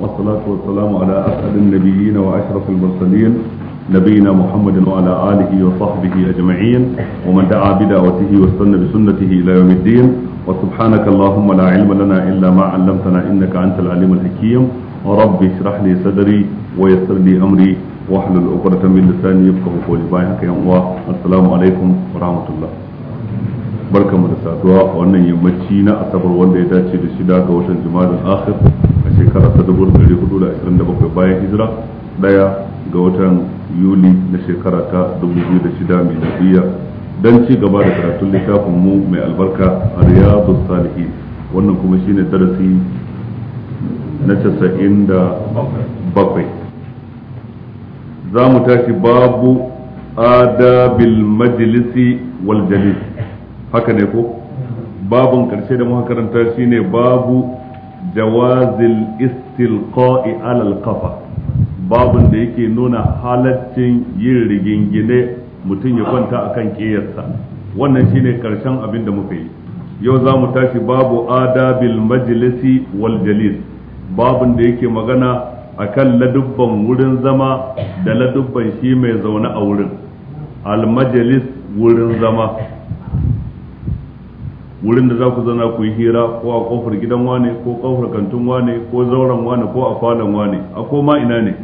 والصلاة والسلام على أسعد النبيين وأشرف المرسلين نبينا محمد وعلى آله وصحبه أجمعين ومن دعا بدعوته واستنى بسنته إلى يوم الدين وسبحانك اللهم لا علم لنا إلا ما علمتنا إنك أنت العليم الحكيم رب اشرح لي صدري ويسر لي أمري واحلل عقدة من لساني يفقه قولي بايعك يا الله السلام عليكم ورحمة الله barkamu da saduwa a wannan yammaci na asabar wanda ya dace da shida ga watan jumada akhir shekara ta hudu da da bakwai bayan hijira ɗaya ga watan yuli na shekara ta biyu da shida mai miladiyya don ci gaba da karatun littafin mu mai albarka a riyadu salihi wannan kuma shine darasi na casa'in da bakwai. za mu tashi babu adabil majalisi wal jalis haka ne ko babun karshe da muka karanta shine babu jawazil istilqa'i alal kafa babun da yake nuna halaccin yin rigingine mutum ya kwanta akan kiyarsa wannan shine karshen abin da muka yi yau za mu tashi babu adabil majlisi wal jalis babun da yake magana akan ladubban wurin zama da ladubban shi mai zaune a wurin al majlis wurin zama wurin da za ku zana ku yi hira ko a kofar gidan wane ko kofar kantin wane ko zauren wane ko a falon wane a koma ina ne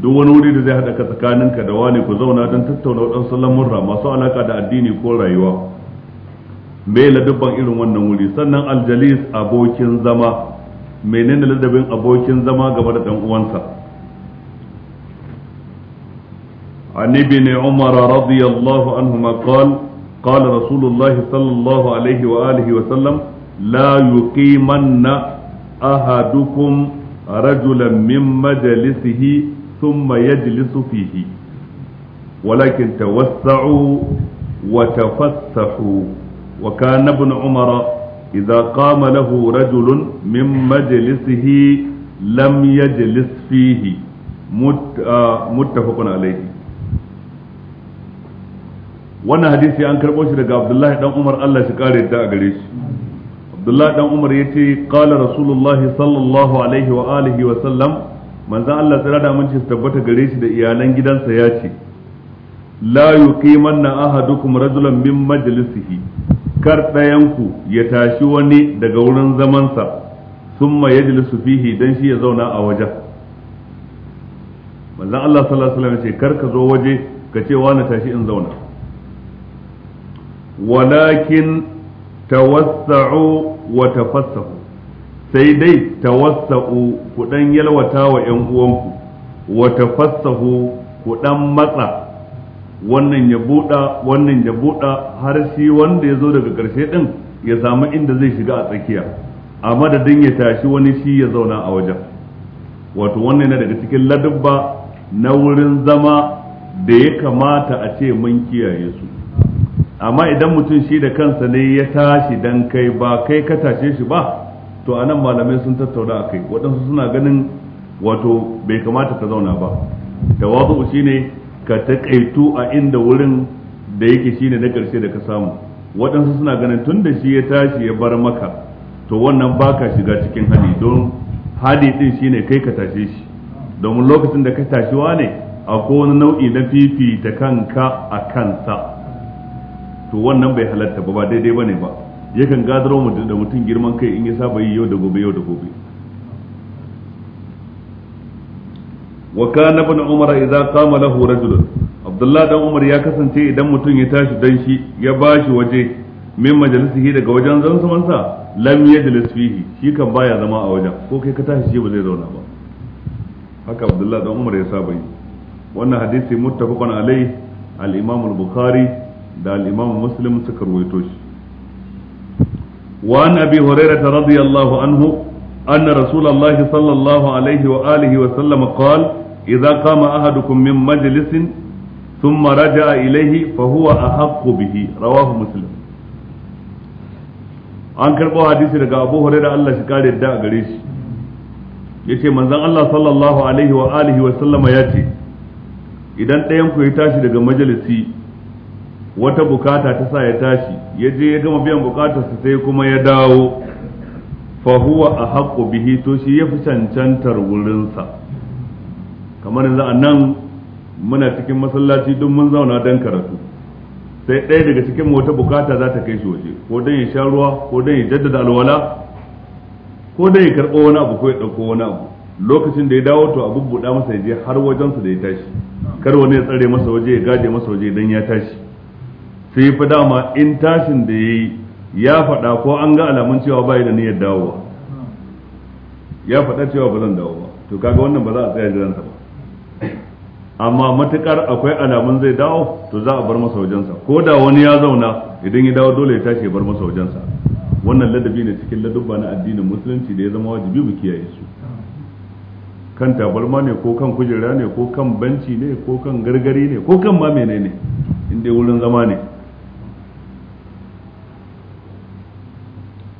duk wani wuri da zai haɗa ka tsakaninka da wane ku zauna don tattauna waɗansu lamurra masu alaka da addini ko rayuwa Mela dubban irin wannan wuri sannan aljalis abokin zama menene ladabin abokin zama game da ɗan uwansa عن ابن عمر رضي الله عنهما قال قال رسول الله صلى الله عليه وآله وسلم لا يقيمن أحدكم رجلا من مجلسه ثم يجلس فيه ولكن توسعوا وتفسحوا وكان ابن عمر إذا قام له رجل من مجلسه لم يجلس فيه متفق عليه wannan hadisi an karɓo shi daga abdullahi dan umar allah shi kare ta a gare shi abdullahi dan umar ya ce kala rasulullahi sallallahu alaihi wa alihi wa sallam manzan allah tsira da aminci su tabbata gare shi da iyalan gidansa ya ce la yuqimanna ahadukum rajulan min majalisihi kar ɗayanku ya tashi wani daga wurin zamansa summa yajlisu fihi dan shi ya zauna a wajen manzan allah sallallahu alaihi wa sallam ya ce kar ka zo waje ka ce na tashi in zauna walakin tawassa'u wa tafassahu sai dai tawassa'u ku dan yalwata wa ƴan uwanku wa tafassahu ku dan matsa wannan ya buɗa wannan ya buɗa har shi wanda ya zo daga ƙarshe ɗin ya samu inda zai shiga a tsakiya a madadin ya tashi wani shi ya zauna a wajen wato wannan yana daga cikin ladabba na wurin zama da ya kamata a ce mun kiyaye su amma idan mutum shi da kansa ne ya tashi dan kai ba kai ka tashe shi ba to anan malamai sun tattauna akai waɗansu suna ganin wato bai kamata ka zauna ba shi ne ka taƙaitu a inda wurin da yake ne na ƙarshe da ka samu waɗansu suna ganin tun da shi ya tashi ya bar maka to wannan baka shiga cikin hadi don hadi din ne kai ka tashe shi domin lokacin da ka tashiwa ne akwai wani nau'i na fifita kanka a kansa to wannan bai halatta ba ba daidai bane ba yakan gadaro mu da mutum girman kai in ya saba yi yau da gobe yau da gobe wa kana ibn umar idza qama lahu rajul abdullah dan umar ya kasance idan mutum ya tashi dan shi ya bashi waje min majalisihi daga wajen zansumansa lam yajlis fihi shi kan baya zama a wajen ko kai ka tashi shi ba zai zauna ba haka abdullah dan umar ya saba yi wannan hadisi muttafaqun alai al-imam al-bukhari da al-Imam Muslim suka ruwaito shi wa an Abi Hurairah radiyallahu anhu anna Rasulullahi sallallahu alaihi wa alihi wa sallam qala idza qama ahadukum min majlisin thumma raja'a ilayhi fa huwa ahaqqu bihi rawahu Muslim an karɓo hadisi daga Abu Hurairah Allah shi kare da gare shi yace manzon Allah sallallahu alaihi wa alihi wa sallama yace idan ɗayan ku ya tashi daga majalisi wata bukata ta sa ya tashi ya je ya gama biyan bukatarsa sai kuma ya dawo fa huwa haƙƙo bihi to shi ya fi cancantar wurinsa kamar yanzu a nan muna cikin masallaci duk mun zauna don karatu sai ɗaya daga cikin wata bukata za ta kai shi waje ko don ya sha ruwa ko don ya jaddada alwala ko don ya karɓo wani abu ko ya ɗauko wani abu lokacin da ya dawo to a bubbuɗa masa ya je har wajensa da ya tashi kar wani ya tsare masa waje ya gaje masa waje don ya tashi sai fa dama in tashin da ya yi ya faɗa ko an ga alamun cewa bai da niyyar dawowa ya faɗa cewa ba zan dawo ba to kaga wannan ba za a tsaya jiransa ba amma matukar akwai alamun zai dawo to za a bar masa wajensa ko da wani ya zauna idan ya dawo dole ya tashi ya bar masa wajensa wannan ladabi ne cikin ladabba na addinin musulunci da ya zama wajibi mu kiyaye su kan tabarma ne ko kan kujera ne ko kan banci ne ko kan gargari ne ko kan ma menene in wurin zama ne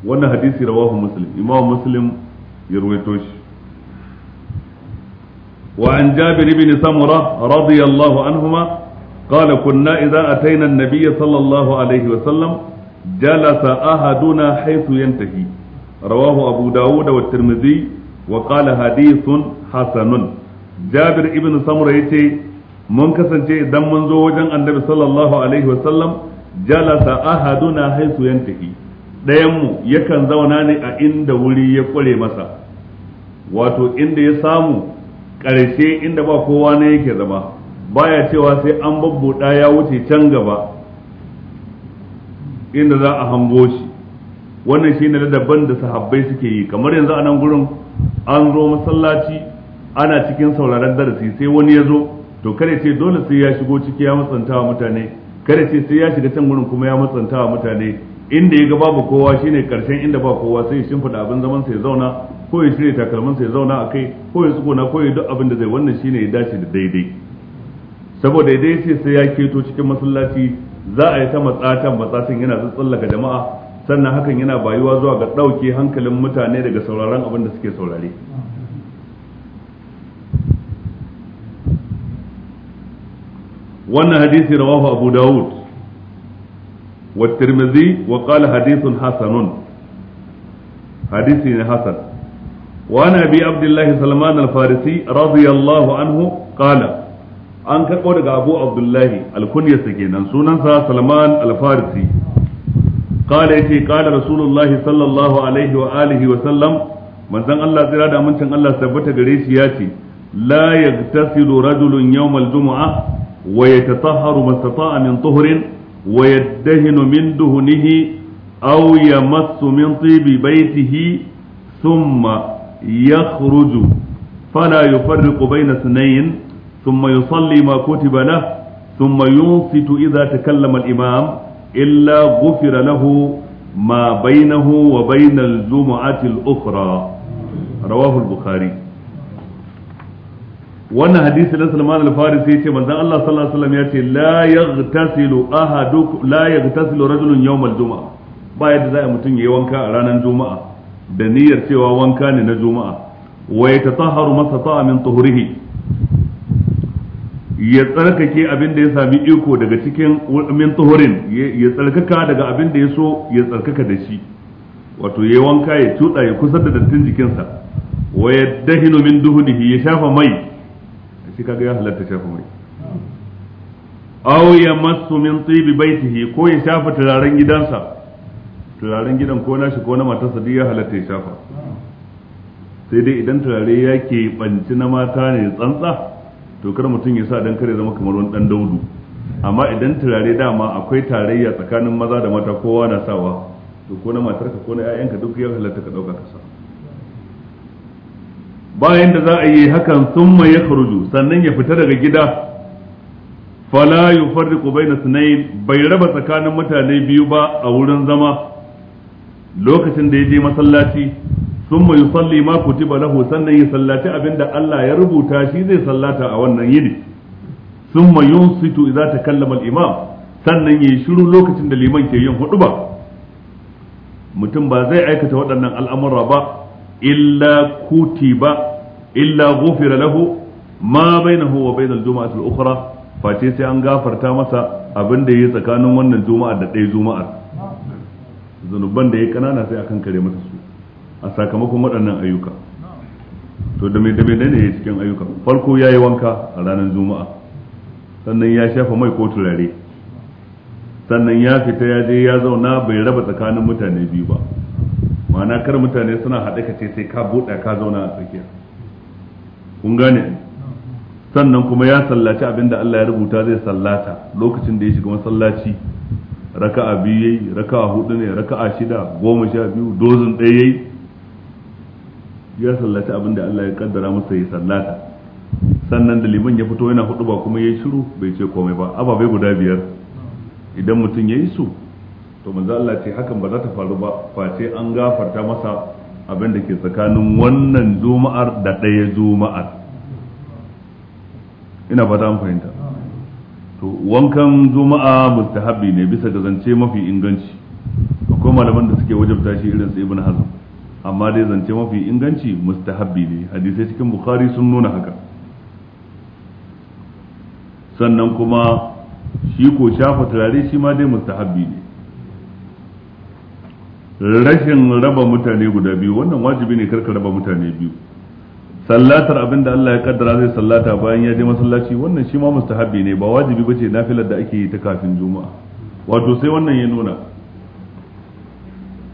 wannan hadisi rawahu muslim imam muslim ya ruwaito shi وعن جابر بن سمرة رضي الله عنهما قال كنا إذا أتينا النبي صلى الله عليه وسلم جلس أحدنا حيث ينتهي رواه أبو داود والترمذي وقال حديث حسن جابر بن سمرة يتي mun kasance idan mun zo wajen annabi sallallahu alaihi wasallam jalasa ahaduna haisu yantahi ɗayanmu yakan zauna ne a inda wuri ya kware masa wato inda ya samu ƙarshe inda ba kowa ne yake zama baya cewa sai an babbuɗa ya wuce can gaba inda za a hango shi wannan shi ne daban da sahabbai suke yi kamar yanzu a nan gurin an zo masallaci ana cikin sauraron darasi sai wani ya zo to kare ce dole sai ya shigo ciki ya matsantawa mutane kare ce sai ya shiga can gurin kuma ya wa mutane inda ya ga babu kowa shine karshen inda ba kowa sai ya shimfida abin zaman sa ya zauna ko ya shirya takalman sa ya zauna a kai ko ya tsuguna ko ya duk abin da zai wannan shine ya dace da daidai saboda daidai ce sai ya keto cikin masallaci za a yi ta matsatan matsatan yana tsallaka jama'a sannan hakan yana bayuwa zuwa ga ɗauke hankalin mutane daga sauraron abin da suke saurare wannan hadisi rawahu abu dawud والترمذي وقال حديث حسن حديث حسن وعن ابي عبد الله سلمان الفارسي رضي الله عنه قال an karɓo daga abu abdullahi alkunyarsa kenan sunansa salman alfarisi kala ce kala rasulullahi sallallahu alaihi wa alihi wa sallam manzon Allah tsira da amincin Allah tabbata gare shi ya ce la yagtasilu rajulun yawmal jumu'a wa yatatahharu mastata'a min tuhrin ويدهن من دهنه أو يمس من طيب بيته ثم يخرج فلا يفرق بين اثنين ثم يصلي ما كتب له ثم ينصت إذا تكلم الإمام إلا غفر له ما بينه وبين الجمعة الأخرى رواه البخاري wannan hadisi na Salman al-Farisi yace manzon Allah sallallahu alaihi wasallam yace la yaghtasilu ahaduk la yaghtasilu rajulun yawm al ba yadda za a mutum yayi wanka a ranar juma'a da niyyar cewa wanka ne na juma'a wa yatatahharu masata'a min tuhurihi ya tsarkake abin da ya sami iko daga cikin min tuhurin ya tsarkaka daga abin da ya so ya tsarkaka da shi wato yayi wanka ya tuda ya kusa da dattin jikinsa wa yadahinu min duhunihi ya shafa mai shi kaga ya halatta shafa mai aw ya masu min tibi baitihi ko ya shafa turaren gidansa turaren gidan ko nashi ko na matarsa duk ya halatta ya shafa sai dai idan turare ya ke banci na mata ne tsantsa to kar mutum ya sa dan kare zama kamar wani dan daudu amma idan turare dama akwai tarayya tsakanin maza da mata kowa na sawa to ko na matarka ko na 'ya'yanka duk ya halatta ka dauka ka sa bayan da za a yi hakan ya yakhruju sannan ya fita daga gida fala yufarriqu baina sunai bai raba tsakanin mutane biyu ba a wurin zama lokacin da ya je masallaci mai salli ma kutiba lahu sannan ya sallaci abinda Allah ya rubuta shi zai sallata a wannan yini summa za ta takallama al-imam sannan yayi shiru lokacin da liman ke yin huduba mutum ba zai aikata waɗannan al'amura ba illa kutiba illa ghufira lahu ma bainahu wa bainal juma'atil ukhra face sai an gafarta masa abin da yayi tsakanin wannan juma'a da ɗaya juma'a zanuban da yayi kanana sai akan kare masa su a sakamakon waɗannan ayyuka to da me da me ne cikin ayyuka farko yayi wanka a ranar juma'a sannan ya shafa mai ko turare sannan ya fita ya je ya zauna bai raba tsakanin mutane biyu ba ma'ana kar mutane suna haɗe ka ce sai ka buɗa ka zauna a tsakiya kun gane sannan kuma ya sallaci abinda Allah ya rubuta zai sallata lokacin da ya shiga masallaci raka'a biyu yayi raka'a hudu ne raka'a shida goma sha biyu dozin ɗaya yayi ya sallaci abinda Allah ya kaddara masa ya sallata sannan da liman ya fito yana hudu ba kuma yayi shiru bai ce komai ba ababai guda biyar idan mutum yayi su to manzo Allah ce hakan ba za ta faru ba face an gafarta masa abin da ke tsakanin wannan juma'ar da ɗaya juma'ar ina ba an fahimta to wankan juma'a mustahabi ne bisa ga zance mafi inganci akwai malaman da suke wajabta shi irin su ibn hazm amma dai zance mafi inganci mustahabi ne hadisai cikin bukhari sun nuna haka sannan kuma shi ko shafa turare shi ma dai mustahabi ne rashin raba mutane guda biyu wannan wajibi ne karka raba mutane biyu sallatar abin da Allah ya kaddara zai sallata bayan ya je masallaci wannan shi ma mustahabi ne ba wajibi bace nafilar da ake yi ta kafin juma'a wato sai wannan ya nuna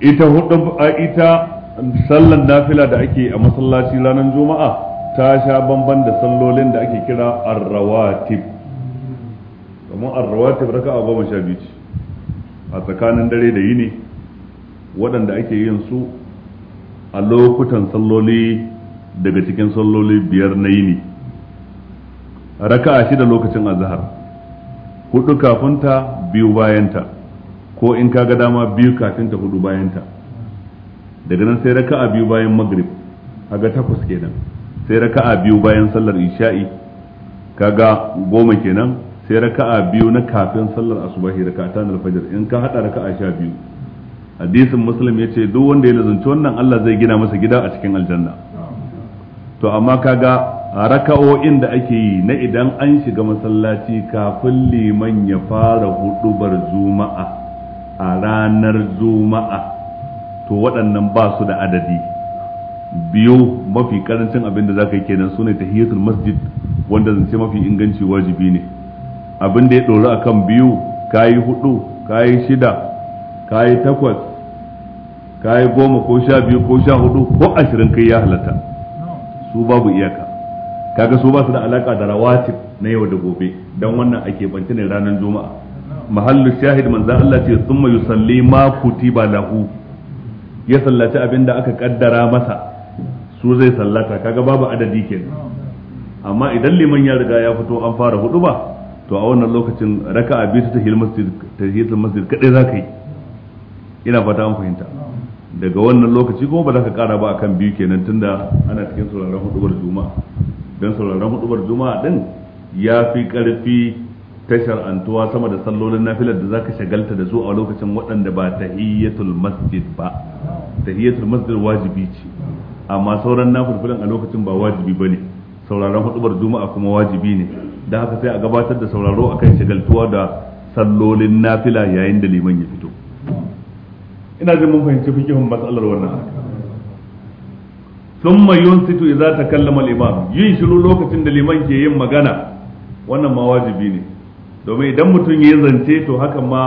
ita hudu a ita sallan nafila da ake a masallaci ranar juma'a ta sha bamban da sallolin da ake kira arrawatib kamar arrawatib raka'a goma sha biyu a tsakanin dare da yini waɗanda ake yin su a lokutan salloli daga cikin salloli biyar na yini raka raka'a shida lokacin azahar hudu kafinta biyu bayanta ko in kaga dama biyu kafinta hudu bayanta daga nan sai raka a biyu bayan maghrib kaga takwas kenan sai raka a biyu bayan sallar isha'i kaga goma kenan sai raka a biyu na kafin sallar asubahi ta nalfajar in ka hada a sha biyu hadisin muslim ya ce duk wanda ya lazunci wannan Allah zai gina masa gida a cikin aljanna to amma kaga raka'o'in da ake yi na idan an shiga masallaci kafin liman ya fara hudubar juma'a a ranar juma'a to waɗannan ba su da adadi biyu mafi karancin abin da za ka yi kenan su ne tahiyatul masjid wanda zance mafi inganci wajibi ne abin da ya a kan biyu ka kayi hudu yi shida ka yi takwas ka yi goma ko sha biyu ko sha hudu ko ashirin kai ya halatta su babu iyaka kaga su ba su da alaka da rawatib na yau da gobe dan wannan ake banci ne ranar juma'a mahallu shahid manzan Allah ce summa yusalli ma kutiba lahu ya sallaci abinda aka kaddara masa su zai sallata kaga babu adadi kenan amma idan liman ya riga ya fito an fara hudu ba to a wannan lokacin raka'a biyu ta tahiyatul masjid kadai zaka yi ina fata an fahimta daga wannan lokaci kuma ba za ka kara ba a kan biyu kenan tunda ana cikin sauraron hudubar juma'a don sauraron hudubar juma'a din ya fi karfi tashar antuwa sama da sallolin nafilar da zaka shagalta da su a lokacin waɗanda ba tahiyyatul masjid ba tahiyyatul masjid wajibi ce amma sauran nafilfilan a lokacin ba wajibi ba ne sauraron hudubar juma'a kuma wajibi ne da haka sai a gabatar da sauraro akan shagaltuwa da sallolin nafila yayin da liman ya fito ina jin mun fahimci fikihun matsalar wannan mai thumma yunsitu idza ta kallama imam yin shiru lokacin da liman ke yin magana wannan ma wajibi ne domin idan mutum ya zance to hakan ma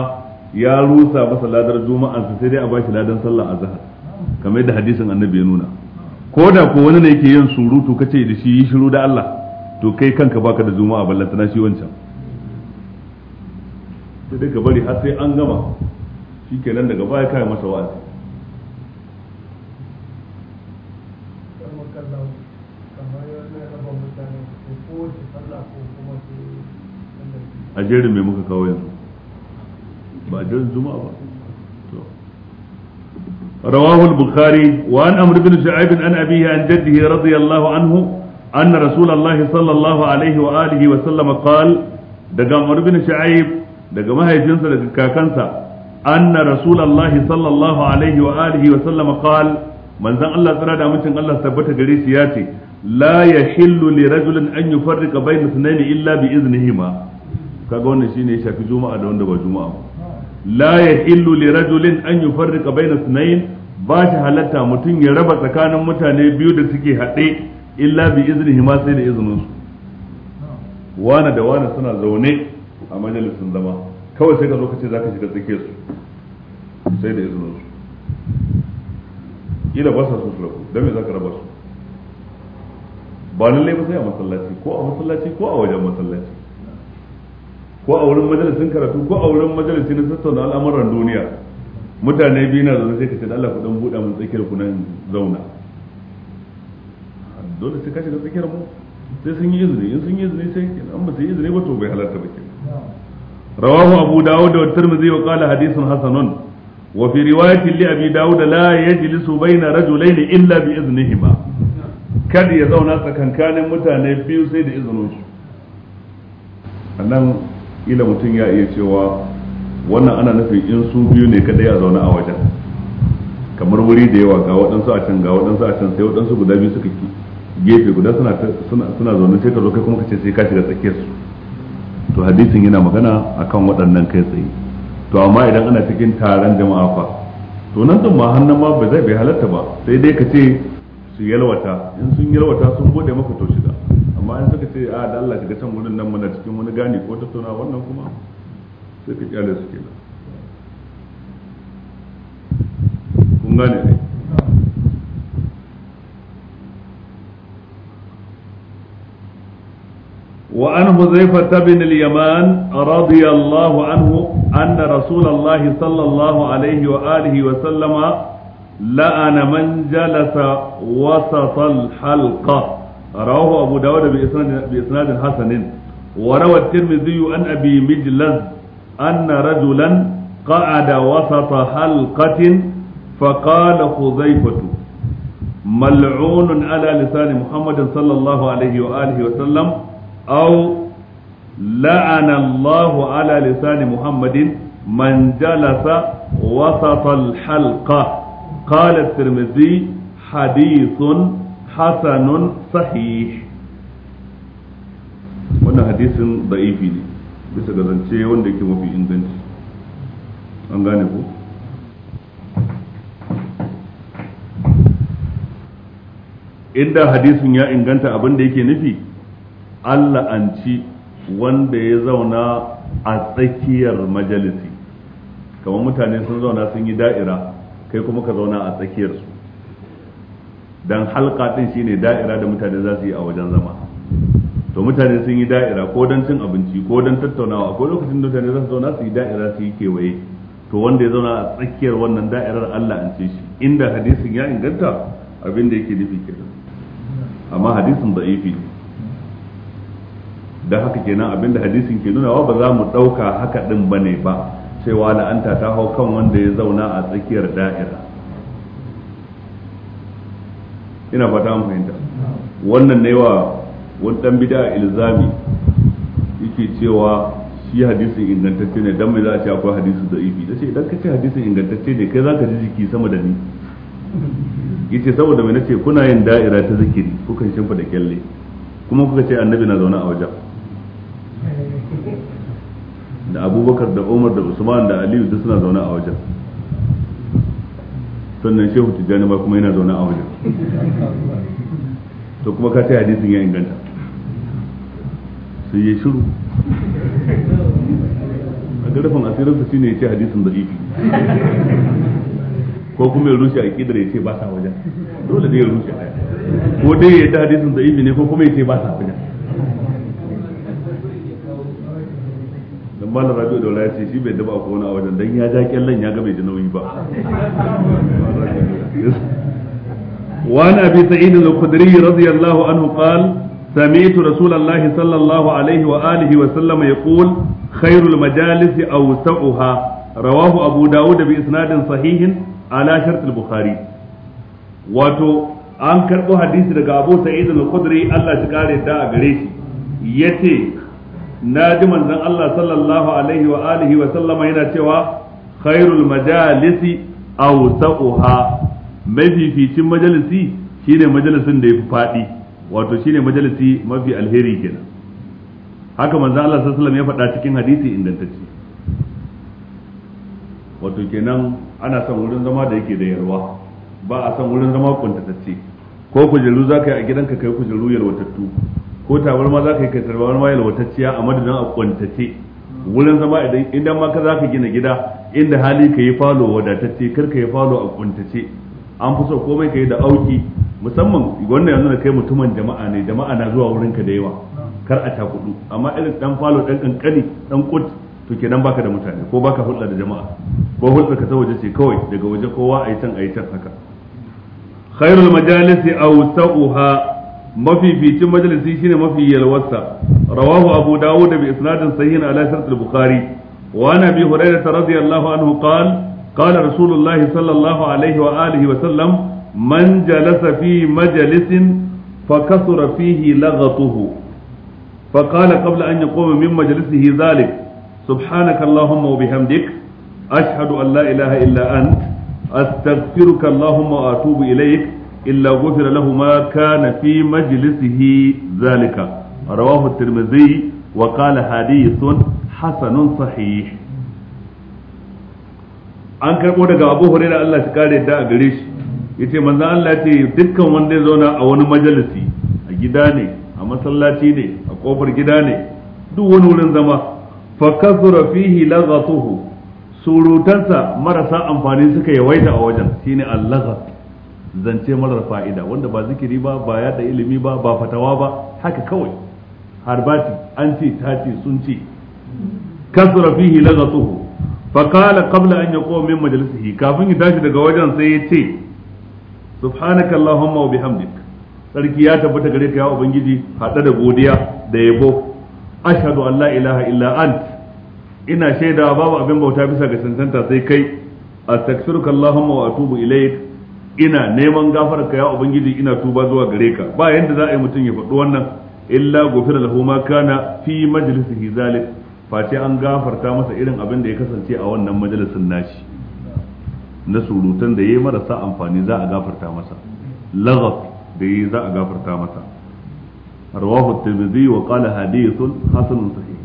ya rusa masa ladar su sai dai a bashi ladan sallah zahar. kamar yadda hadisin annabi ya nuna ko da ko wani ne yake yin surutu kace da shi yi shiru da Allah to kai kanka baka da juma'a ballantana shi wancan sai dai ka bari har sai an gama shikenan daga baya kai masa wa'azi a jerin mai muka kawo yanzu ba jerin juma'a ba رواه البخاري وعن عمرو بن شعيب عن أبيه عن جده رضي الله عنه أن رسول الله صلى الله عليه وآله وسلم قال دقا عمرو بن شعيب دقا ما هي جنسة دقا كاكنسة anna rasulullahi sallallahu alaihi wa alihi wa sallama qala manzon Allah tsara da mutun Allah tabbata gare ya ce la yahillu li rajulin an yufarriqa bayna sunaini illa bi iznihima kaga wannan shine ya shafi juma'a da wanda ba juma'a ba la yahillu li rajulin an yufarriqa bayna sunain ba shi halatta mutum ya raba tsakanin mutane biyu da suke haɗe illa bi sai da wana da wana suna zaune a majalisin zama kawai sai ka zo ka ce za ka shiga tsike su sai da izinin su ila ba sa sun su rabu don me ka raba su ba lallai ba sai a masallaci ko a masallaci ko a wajen masallaci ko a wurin majalisin karatu ko a wurin majalisun na tattauna al'amuran duniya mutane biyu na zaune sai ka ce Allah ku dan buɗa mun tsakiyar ku nan zauna dole sai ka shiga tsakiyar mu sai sun yi izini in sun yi izini sai an ba su yi izini ba to bai halarta ba kenan رواه abu داود wa وقال wa حسن وفي hasanun wa fi riwayati li abi dawud la yajlisu bayna rajulayn illa bi idhnihima kada ya zauna tsakankanin mutane biyu sai da izinin su ila mutum ya iya cewa wannan ana in su biyu ne kada ya zauna a wajen kamar wuri da yawa ga waɗansu a can ga waɗansu a can sai waɗansu guda biyu suka gefe guda suna zaune sai ka zo kai kuma ka ce sai ka shiga tsakiyar to hadisin yana magana akan waɗannan kai tsaye to amma idan ana cikin taron jama'a fa to nan din ma hannun ma ba zai bai halatta ba sai dai ka ce su yalwata in sun yalwata sun bude maka to shiga amma in suka ce a da Allah shiga can wurin nan muna cikin wani gani ko tattauna wannan kuma sai ka kyale su kenan kun gane ne وعن حذيفة بن اليمان رضي الله عنه أن رسول الله صلى الله عليه وآله وسلم لأن من جلس وسط الحلقة رواه أبو داود بإسناد, بإسناد حسن وروى الترمذي عن أبي مجلز أن رجلا قعد وسط حلقة فقال حذيفة ملعون على لسان محمد صلى الله عليه وآله وسلم Au! La'anallahu ala lisani Muhammadin manjalasa jalasa wasata al-halqa qala at-Tirmidhi hadithun wannan hadisin da'ifi ne bisa ga zance wanda yake mafi inganci an gane ku inda hadisin ya inganta abin da yake nufi Allah an ci wanda ya zauna a tsakiyar majalisi kamar mutane sun zauna sun yi da'ira kai kuma ka zauna a tsakiyar su Don halka ɗin shine da'ira da mutane za su yi a wajen zama to mutane sun yi da'ira ko don cin abinci ko don tattaunawa ko lokacin da mutane za su zauna su yi da'ira su yi kewaye to wanda ya zauna a tsakiyar wannan da'irar Allah an ce shi inda hadisin ya inganta abin da yake nufi kenan amma hadisin da'ifi ne da haka kenan abinda hadisin ke nunawa ba za mu ɗauka haka ɗin ba ne ba cewa la'anta ta hau kan wanda ya zauna a tsakiyar da'ira ina fata an fahimta wannan ne wa wani ɗan bida ilzami yake cewa shi hadisin ingantacce ne dan mai za a ce akwai hadisi da ifi ce idan ka ce hadisin ingantacce ne kai zaka ji jiki sama da ni yace saboda mai nace kuna yin da'ira ta zikiri kukan shimfa da kyalle kuma kuka ce annabi na zaune a wajen da abubakar da umar da usman da aliyu duk suna zaune a wajen sannan shehu tijjani ma kuma yana zaune a wajen to kuma ka sai hadisin ya inganta sai ya shiru a garafin asirinsa ne ya ce hadisin da ifi ko kuma ya rushe a kidar ya ce ba sa wajen dole ne ya rushe ko dai ya ta hadisin da ifi ne ko kuma ya ce ba sa wajen don malam rabi'u da ya ce shi bai daba ko wani a wajen dan ya ja kyallan ya ga bai ji nauyi ba وعن ابي سعيد الخدري رضي الله عنه قال سمعت رسول الله صلى الله عليه واله وسلم يقول خير المجالس اوسعها رواه ابو داود باسناد صحيح على شرط البخاري wato an karɓo hadisi daga abu sa'id al-khudri Allah shi kare da a gare shi ce. na ji manzon Allah sallallahu alaihi wa alihi wa sallama yana cewa khairul majalisi awsa'uha mafificin majalisi shine majalisin da yafi fadi wato shine majalisi mafi alheri kenan haka manzon Allah sallallahu alaihi wa ya faɗa cikin hadisi ingantacce wato kenan ana son wurin zama da yake da yarwa ba a son wurin zama kuntatacce ko kujeru za yi a gidanka kai kujeru yarwatattu ko ma za ka yi ka tabarma yalwatacciya a madadin a kwantace wurin zama idan idan ma ka za ka gina gida inda hali ka yi falo wadatacce kar ka yi falo a kwantace an fi so komai ka yi da auki musamman wannan yanzu da kai mutumin jama'a ne jama'a na zuwa wurin ka da yawa kar a cakudu amma irin dan falo dan kankani dan kut to kenan baka da mutane ko baka hulɗa da jama'a ko hulɗa ka ta waje ce kawai daga waje kowa a yi can a yi can haka khairul majalisi awsa'uha mafificin majalisi shine mafi yalwarsa rawahu abu dawud bi isnadin sahihin ala shart al-bukhari wa an abi hurairah radiyallahu anhu qala qala rasulullahi sallallahu alaihi wa alihi wa sallam man jalasa fi majalisin فكثر فيه لغطه فقال قبل أن يقوم من مجلسه ذلك سبحانك اللهم وبحمدك أشهد أن لا إله إلا أنت أستغفرك اللهم وأتوب إليك illa غفر له ma كان fi مجلسه ذلك رواه الترمذي وقال حديث حسن صحيح an karbo daga Abu da Allah ya kare da a gare shi Ya yace manza Allah ce dukkan wanda ya zauna a wani majalisi a gida ne a masallaci ne a kofar gida ne duk wani wurin zama fa kasura fihi surutansa marasa amfani suka yawaita a wajen shine al-laghat zance marar fa'ida wanda ba zikiri ba ba yada ilimi ba ba fatawa ba haka kawai harbati an ce ta ce sun ce kasura fihi lagatuhu fa qala qabla an yaqum min majlisihi kafin ya tashi daga wajen sai ya ce subhanaka allahumma wa bihamdik sarki ya tabbata gare ka ya ubangiji hada da godiya da yabo ashhadu an la ilaha illa ant ina shaidawa babu abin bauta bisa ga cancanta sai kai astaghfiruka allahumma wa atubu ilaik ina neman gafararka ya ubangiji ina tuba zuwa gare ka ba yanda za a yi mutum ya faɗi wannan illa gofira lahu ma kana fi majlisihi zalik face an gafarta masa irin abin da ya kasance a wannan majalisin nashi na surutan da yayi marasa amfani za a gafarta masa lagaf da yayi za a gafarta masa rawahu tirmidhi wa qala hadithun hasanun sahih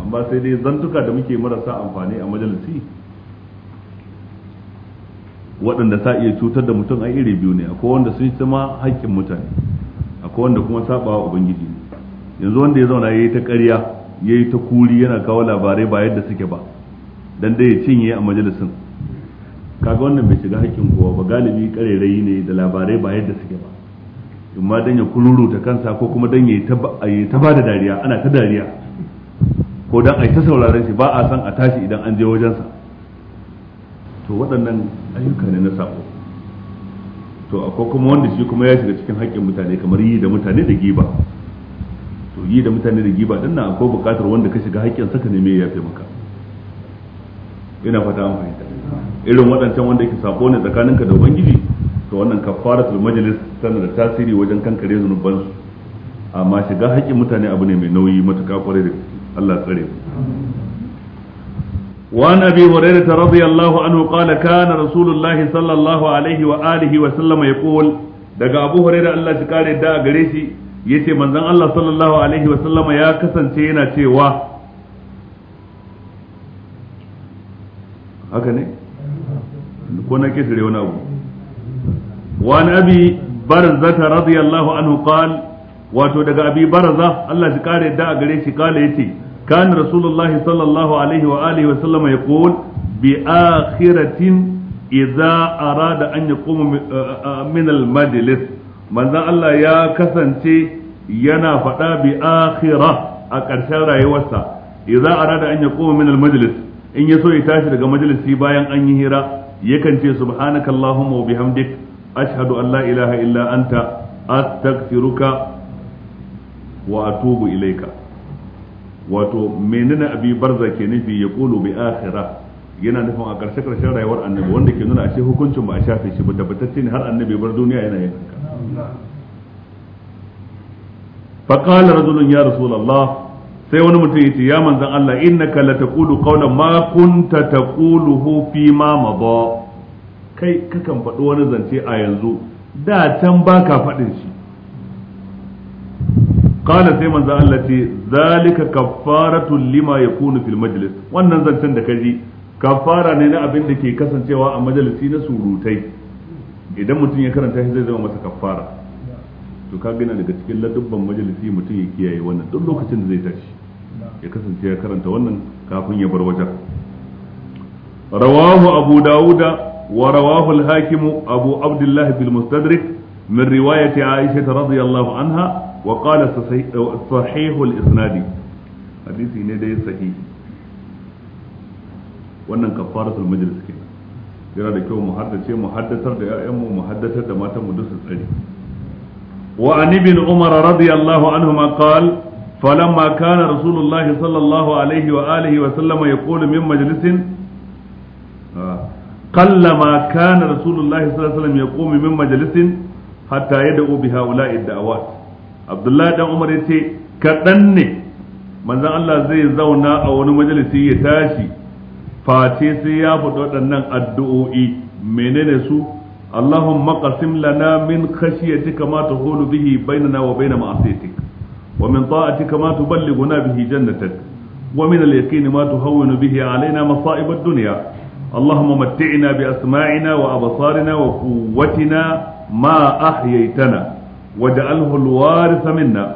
amma sai dai zantuka da muke marasa amfani a majalisi waɗanda sa iya cutar da mutum a iri biyu ne akwai wanda sun sama haƙƙin mutane akwai wanda kuma sabawa ubangiji yanzu wanda ya zauna yayi ta ƙarya yayi ta kuri yana kawo labarai ba yadda suke ba dan dai ya cinye a majalisin kaga wannan bai shiga haƙƙin kowa ba galibi ƙarerayi ne da labarai ba yadda suke ba in ma dan ya kururuta kansa ko kuma dan ya ta ba da dariya ana ta dariya ko dan a ta sauraron shi ba a san a tashi idan an je wajensa to waɗannan ayyuka ne na sako to akwai kuma wanda shi kuma ya shiga cikin haƙƙin mutane kamar yi da mutane da giba to yi da mutane da giba din nan akwai buƙatar wanda ka shiga haƙƙin saka ne me ya fi maka ina fata an fahimta irin waɗancan wanda yake sako ne tsakaninka da ubangiji to wannan kafaratul majalis tana da tasiri wajen kankare su amma shiga haƙƙin mutane abu ne mai nauyi matuƙa kwarai da Allah tsare mu وعن أبي هريرة رضي الله عنه قال كان رسول الله صلى الله عليه وآله وسلم يقول daga Abu Huraira Allah shi kare da a gare yace manzon Allah sallallahu alaihi wa sallama ya kasance yana cewa na kisire wani abu wa nabi barzata radiyallahu anhu qal wato daga abi barza Allah shi da a gare kala yace كان رسول الله صلى الله عليه وآله وسلم يقول بآخرة إذا أراد أن يقوم من المجلس من الله يا كسنتي ينا فتا بآخرة أكرشار يوسع إذا أراد أن يقوم من المجلس إن يسوي تاشر مجلس بايا أن يهرى يكن سبحانك اللهم وبحمدك أشهد أن لا إله إلا أنت أستغفرك وأتوب إليك wato menene abi barza ke nufi ya kulu bi akhira yana nufin a karshe karshen rayuwar annabi wanda ke nuna ashe hukuncin ba a shafe shi ba tabbatacce ne har annabi bar duniya yana yin haka fa qala rajulun ya rasulullah sai wani mutum yace ya manzon Allah innaka la taqulu qawlan ma kunta taquluhu fi ma madha kai kakan faɗi wani zance a yanzu da can baka faɗin shi qala sai manzo Allah ce zalika kaffaratu lima ya fil majlis wannan zancen da kaji kafara ne na abin da ke kasancewa a majalisi na surutai idan mutum ya karanta shi zai zama masa kafara to ka gina daga cikin ladubban majalisi mutum ya kiyaye wannan duk lokacin da zai tashi ya kasance ya karanta wannan kafin ya bar wajen rawahu abu dawuda wa rawahu al-hakimu abu abdullah bil mustadrik min riwayati aisha radiyallahu anha wa qala eh, sahihul isnadi hadisi ne da ya sahihi wannan kafaratul majlis kenan yana da kyau mu haddace mu haddatar da ƴaƴanmu mu haddatar da matan mu dusu tsari wa an ibn umar radiyallahu anhuma qala falamma kana rasulullah sallallahu alaihi wa alihi wa sallama yaqulu min majlisin قلما كان رسول الله صلى الله عليه وسلم يقوم من مجلس حتى abdullahi dan umar ya ce kaɗan ne manzan Allah zai zauna a wani majalisi ya tashi face sai ya fi waɗannan addu’o’i menene su Allahun maƙasim lana min kashiyati kama ta holu bihi bainana wa baina ma'asaitik wa min ta'ati kama ta balli guna bihi jannatat wa min al-yaqini ma ta hawinu bihi alaina masa'ibar duniya اللهم متعنا بأسماعنا وأبصارنا وقوتنا ما أحييتنا waja al-warisa minna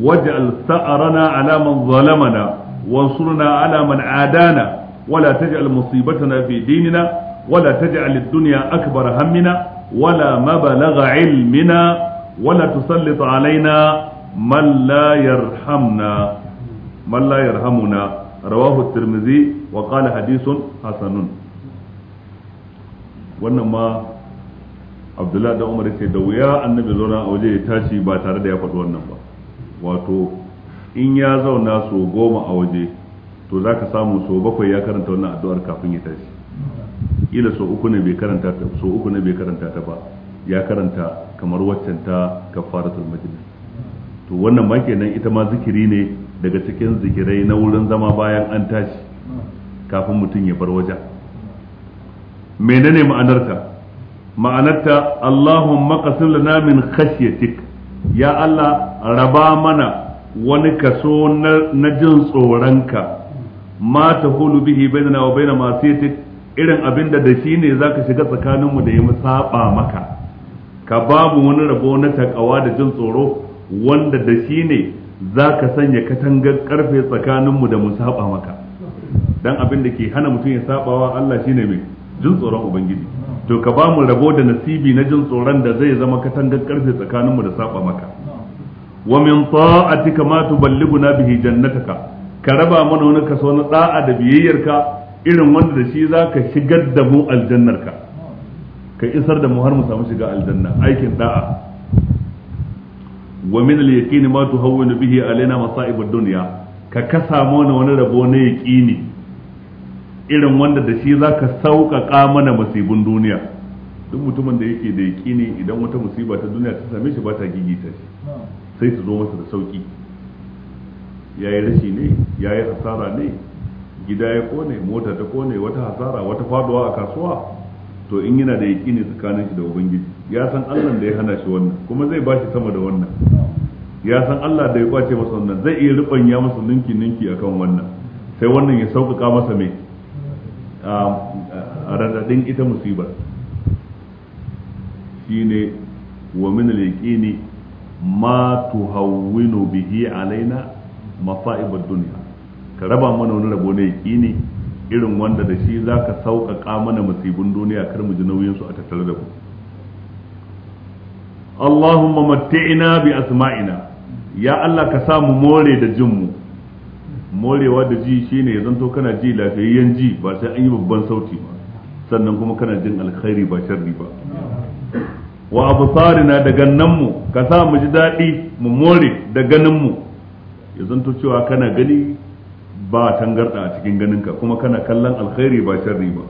waj'al sa'rana ala man zalamana wansurna ala man adana wala taj'al musibatana fi dinina wala taj'al ad-dunya akbar hammina wala mablagha ilmina wala tusallit alaina man la yarhamna man la yarhamuna rawahu at-tirmidhi wa hasanun wannan ma abdullahi da umar ce da wuya annabi zauna a waje ya tashi ba tare da ya faɗi wannan ba wato in ya zauna so goma a waje to za ka samu so bakwai ya karanta wannan addu'ar kafin ya tashi ila so uku ne bai karanta ta so uku ne bai karanta ta ba ya karanta kamar waccan ta kafaratul majlis to wannan ma kenan ita ma zikiri ne daga cikin zikirai na wurin zama bayan an tashi kafin mutum ya bar wajen menene ma'anarta ma'anarta Allahumma qasim lana min khashyatik ya Allah raba mana wani kaso na jin tsoronka ma ta hulu bihi bainana wa baina masiyatik irin abinda da shi ne zaka shiga tsakaninmu da ya saba maka ka babu wani rabo na takawa da jin tsoro wanda da shi ne zaka sanya katangar karfe tsakaninmu da mu saba maka dan abin da ke hana mutum ya sabawa Allah shine mai jin tsoron ubangiji to ka ba mu rabo da nasibi na jin tsoron da zai zama katangar karfe tsakaninmu da saba maka wa min ta'atika ma tuballighuna bihi jannataka ka raba mana wani kaso na da'a da biyayyarka irin wanda da shi zaka shigar da mu aljannarka ka isar da mu har mu samu shiga aljanna aikin da'a wa min al-yaqin ma tuhawwinu bihi alaina masa'ib ad-dunya ka kasa mana wani rabo na yaqini irin wanda da shi za ka sauƙaƙa mana masibin duniya duk mutumin da yake da ne idan wata musiba ta duniya ta same shi ba ta ta shi sai ta zo masa da sauƙi Ya yi rashi ne ya yi hasara ne gida ya kone mota ta kone wata hasara wata faduwa a kasuwa to in yana da ne tsakanin shi da ubangiji ya san Allah da ya hana shi wannan kuma zai ba shi sama da wannan ya san Allah da ya kwace masa wannan zai iya rubanya masa ninki ninki akan wannan sai wannan ya sauƙaƙa masa mai radadin ita musibar shine wa min al-yaqini ma tuhawwinu bihi alaina masa'ib ad ka raba mana wani rabo na yaƙini irin wanda da shi za ka sauƙaƙa mana musibin duniya kar mu ji nauyinsu a tattare da ku Allahumma matti'na bi asma'ina ya Allah ka sa mu more da jinmu morewa da ji shine ya zanto kana ji lafiyayyen ji ba sai an yi babban sauti ba sannan kuma kana jin alkhairi ba sharri ba wa tsarina da gannan mu ka sa mu ji daɗi mu more da ganin mu ya zanto cewa kana gani ba tangarda a cikin ganinka kuma kana kallon alkhairi ba sharri ba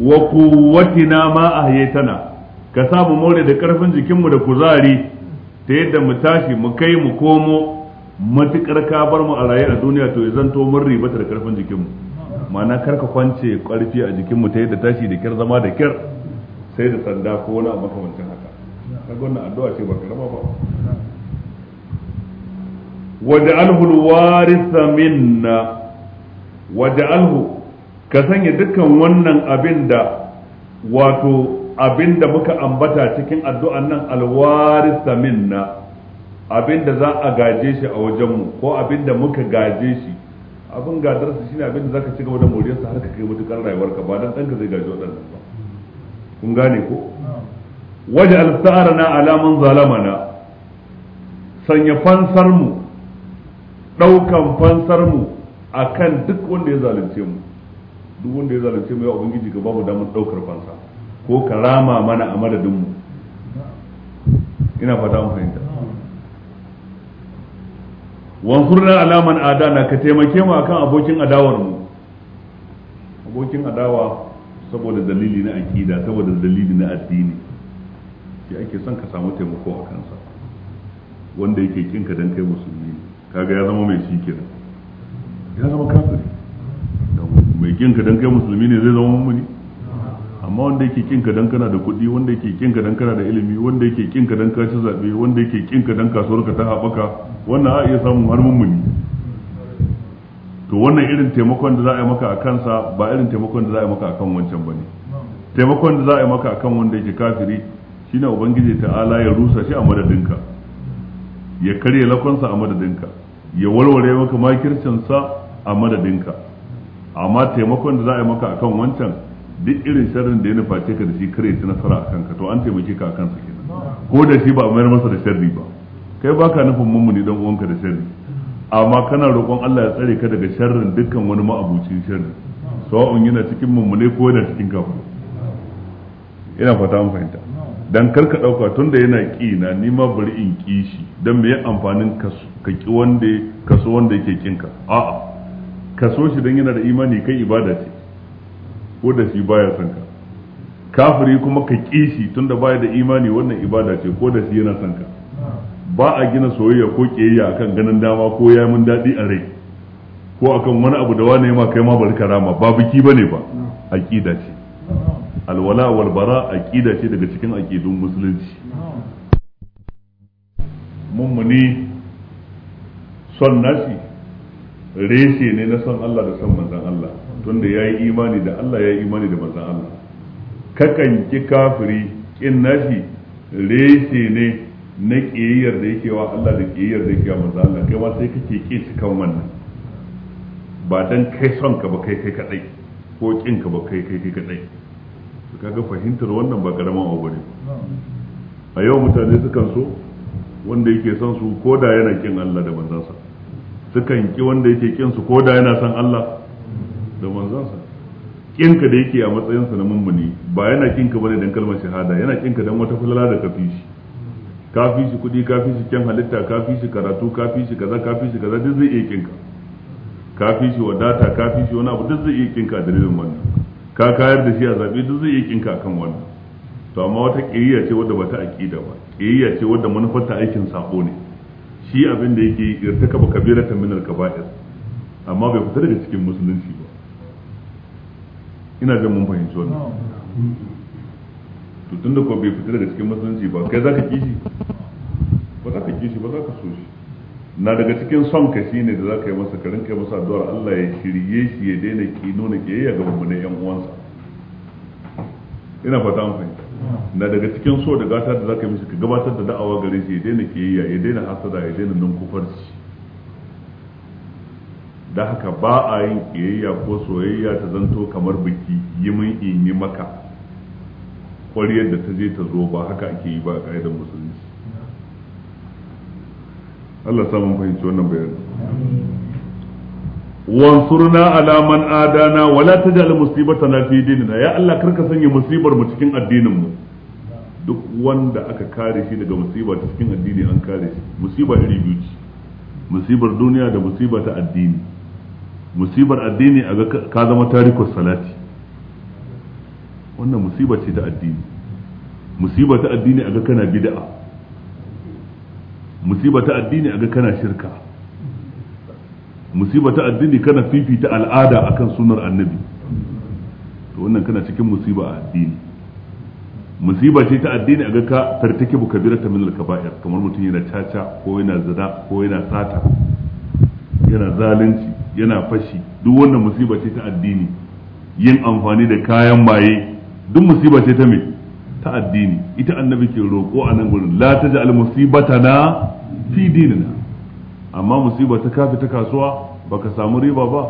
wa quwwatina ma ahyaytana ka sa mu more da karfin jikinmu da kuzari ta yadda mu tashi mu kai mu komo matukar ka bar mu a raye a duniya to ya zanto mun da karfin jikinmu ma'ana kar ka kwance karfi a jikinmu ta yadda tashi da kyar zama da kyar sai da sanda ko wani abu makamancin haka kaga wannan addu'a ce ba karama ba waj'alhu alwaritha minna waj'alhu ka sanya dukkan wannan abin da wato abin da muka ambata cikin addu'an nan alwarisa minna Abinda da za a gaje shi a wajenmu ko abin da muka gaje shi abin su shine abin da zaka ci gaba da moriyarsa har ka kai mutukar ka ba dan danka zai gaje waɗannan ba kun gane ko waje al-sa'arna ala man zalamana sanya fansar mu daukan fansar mu akan duk wanda ya zalunce mu duk wanda ya zalunce mu ya ubangiji ka babu damar daukar fansa ko karama mana a madadin mu ina fata mu fahimta wankurna alaman adana ka taimake mu akan abokin adawar mu abokin adawa saboda dalili na akida saboda dalili na addini shi ake son ka samu taimako a kansa wanda yake ka dan kai musulmi kaga ya zama mai shikira ya zama kafiri mai kin ka dan kai musulmi ne zai zama mummuni amma wanda yake kin ka dan kana da kuɗi wanda yake kin ka dan kana da ilimi wanda yake kin ka dan ka ci zabe wanda yake kin ka dan kasuwar ka ta haɓaka wannan a iya samun har mummuni to wannan irin taimakon da za a yi maka a kansa ba irin taimakon da za a yi maka a kan wancan ba ne taimakon da za a yi maka a kan wanda yake kafiri shine ubangiji ta'ala ya rusa shi a madadinka ya karya lakonsa a madadinka ya warware maka makircinsa a madadinka amma taimakon da za a yi maka akan wancan duk irin sharrin da ya nufa ce ka da shi kare ci nasara a kanka to an taimake ka a kansa kenan ko da shi ba a mayar masa da sharri ba kai baka nufin mummuni dan uwanka da sharri amma kana roƙon Allah ya tsare ka daga sharrin dukkan wani ma'abucin sharri sawa'un yana cikin mummune ko yana cikin kafu ina fata mun fahimta dan kar ka dauka tunda yana ki na ni ma bari in ki shi dan me amfanin ka ki wanda kaso wanda yake kinka a'a kaso shi dan yana da imani kai ibada ce ko da shi baya son ka kafiri kuma ka ƙi shi tunda baya da imani wannan ibada ce ko da shi yana son ka ba a gina soyayya ko ƙiyayya akan ganin dama ko ya mun daɗi a rai ko akan wani abu da wani ma kai ma bari karama ba biki bane ba aqida ce alwala wal bara aqida ce daga cikin aqidun musulunci Mun muni son nashi reshe ne na son Allah da son manzon Allah tunda ya yi imani da Allah ya yi imani da manzon Allah kakan ki kafiri kin nashi reshe ne na ƙiyayyar da yake wa Allah da ƙiyayyar da yake wa manzon Allah kai ma sai kake ƙi su kan wannan ba dan kai son ka ba kai kai kadai ko kin ka ba kai kai kai kadai kaga fahimtar wannan ba karaman abu ne a yau mutane sukan so wanda yake son su ko da yana kin Allah da manzansa sukan ki wanda yake kin su ko da yana son Allah da manzansa kinka da yake a matsayinsa na mummuni ba yana kinka bane dan kalmar shahada yana kinka dan wata fulala da kafi shi kafi shi kudi kafi shi kyan halitta kafi shi karatu kafi shi kaza kafi shi kaza duk zai iya kinka kafi shi wadata kafi shi wani abu duk zai iya kinka a dalilin wannan ka kayar da shi a zabe duk zai iya kinka akan wannan to amma wata kiriya ce wadda bata aqida ba kiriya ce wadda manufarta aikin sako ne shi abin da yake irtaka kabiratan minal kabair amma bai fita daga cikin musulunci ina jin mun fahimci wannan to da ko bai fita daga cikin masanci ba kai zaka ki shi ba zaka ki shi ba zaka so shi na daga cikin son ka shine da zaka yi masa karin kai masa addu'ar Allah ya shirye shi ya daina ki nuna kiyayya ga mun yan uwansa ina fata an fahimta na daga cikin so da gata da zaka yi masa ka gabatar da da'awa gare shi ya daina kiyayya ya daina hasada ya daina nan kufarci da haka ba a yin kiyayya ko soyayya ta zanto kamar biki yi mun in yi maka ƙwariyar da ta je ta zo ba haka ake yi ba a ƙa'idar musulunci Allah samun fahimci wannan bayan wansurna alaman adana wala ta ta na fiye dinina ya Allah karka sanya musibar mu cikin addinin mu duk wanda aka kare shi daga musiba ta cikin addini an kare shi musiba iri biyu ce musibar duniya da musiba ta addini musibar addini a ga ka zama tarikus salati wannan musiba ce ta addini musiba ta addini a ga kana bida'a musiba ta addini a ga kana shirka musiba ta addini kana fifita al'ada akan sunar annabi to wannan kana cikin musiba a addini musiba ce ta addini a ga ka tartake bu ta min al-kaba'ir kamar mutum yana caca ko yana zina ko yana sata yana zalunci yana fashi duk wannan musiba ce ta addini yin amfani da kayan maye duk musiba ce ta me ta addini ita annabi ke roƙo a nan gurin la taj'al na fi dinina amma musiba ta kafi ta kasuwa baka samu riba ba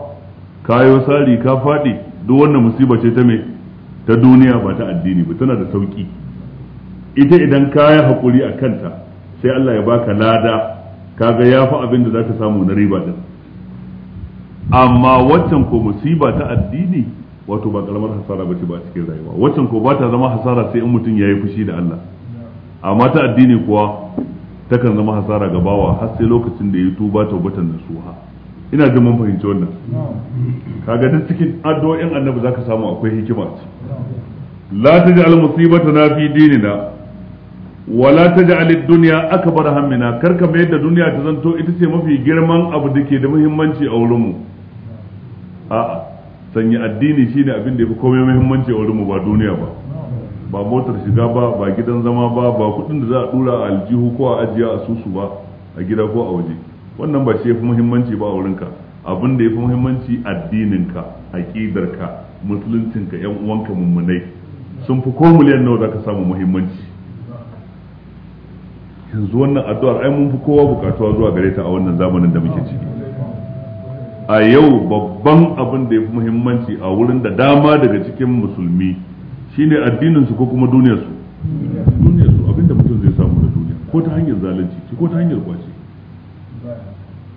kayo sari ka faɗi duk wannan musiba ce ta me ta duniya ba ta addini ba tana da sauƙi. ita idan ka yi haƙuri a kanta sai Allah ya baka lada kaga ya fi abin da za ka samu na riba din amma waccan ko musiba ta addini wato ba kalmar hasara ba ce ba cikin rayuwa waccan ko ba ta zama hasara sai in mutum ya yi fushi da Allah amma ta addini kuwa takan zama hasara ga bawa har sai lokacin da ya tuba taubatan nasuha ina jin mun fahimci wannan kaga duk cikin addu'o'in annabi zaka samu akwai hikima ce. la taj'al na fi dinina wala taj'al ad-dunya akbar hammina karka mai da duniya ta zanto ita ce mafi girman abu da ke da muhimmanci a wurin mu a'a sanya addini shine abin da yafi komai muhimmanci a wurinmu mu ba duniya ba ba motar shiga ba ba gidan zama ba ba kudin da za a dura a aljihu ko a ajiya a susu ba a gida ko a waje wannan ba shi yafi muhimmanci ba a wurinka abin da yafi muhimmanci addininka aqidarka musuluncinka yan uwanka mummunai sun fi ko miliyan nawa zaka samu muhimmanci yanzu wannan addu'ar ai mun fi kowa bukatuwa zuwa gare ta a wannan zamanin da muke ciki a yau babban abin da ya fi muhimmanci a wurin da dama daga cikin musulmi shine addininsu ko kuma duniyarsu duniyarsu abinda mutum zai samu da duniya ko ta hanyar zalunci ko ta hanyar kwace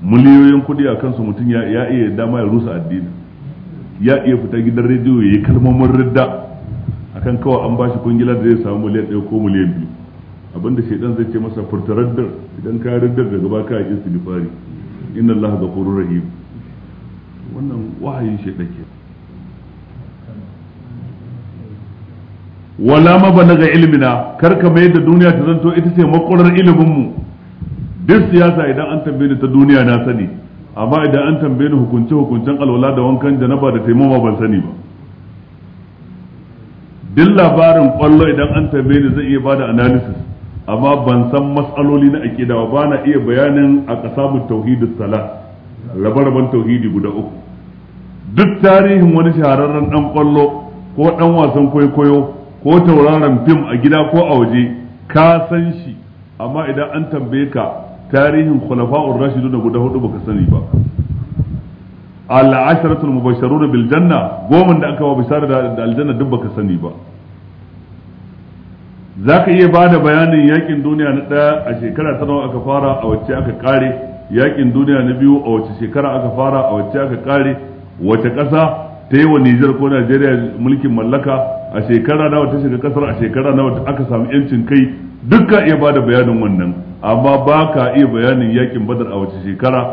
miliyoyin kuɗi a kansu mutum ya iya dama ya rusa addini ya iya fita gidan rediyo ya yi kalmomin ridda akan kawai an bashi kungila da zai samu miliyan ɗaya ko miliyan biyu abinda shaidan zai ce masa furta raddar idan ka raddar daga baka a istighfari inna allaha ghafurur rahim wannan wahayin shi dake wala ma balaga ilmina kar ka mai da duniya ta zanto ita ce makurar ilimin mu duk siyasa idan an tambaye ni ta duniya na sani amma idan an tambaye ni hukunce hukuncen alwala da wankan janaba da taimama ban sani ba duk labarin kwallo idan an tambaye ni zai iya bada analysis amma ban san matsaloli na akida ba na iya bayanin a kasamun tauhidus salat rabe-raben tauhidi guda uku duk tarihin wani shahararren dan kwallo ko dan wasan kwaikwayo ko tauraron fim a gida ko a waje ka san shi amma idan an tambaye ka tarihin khulafa'ur rashidun guda hudu baka sani ba al-asharatul mubashsharuna bil janna goma da aka wa bishara da aljanna duk baka sani ba zaka iya bada bayanin yakin duniya na daya a shekara ta nawa aka fara a wacce aka kare yakin duniya na biyu a wace shekara aka fara a wace aka kare wace ƙasa ta yi wa Nijar ko Najeriya mulkin mallaka a shekara nawa ta shiga kasar a shekara nawa aka samu yancin kai dukka iya ba da bayanin wannan amma ba ka iya bayanin yakin badar a wace shekara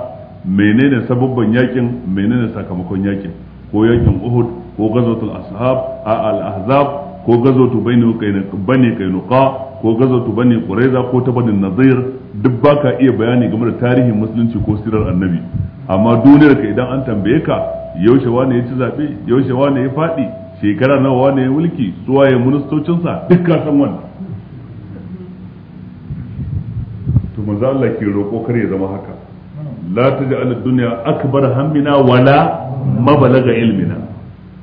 menene sababban yakin menene sakamakon yakin ko yakin Uhud ko gazotul ashab a al-ahzab ko gazwatu bani nuqa ko tu bani quraiza ko ta bani nadir duk baka iya bayani game da tarihin musulunci ko sirar annabi amma duniyar ka idan an tambaye ka yaushe wane ya ci zabe yaushe wane ya fadi shekara nawa wane ya mulki suwaye ministocinsa duk ka san wannan to manzo Allah ke roƙo kar ya zama haka la taj'al ad-dunya akbar hammina wala mabalaga ilmina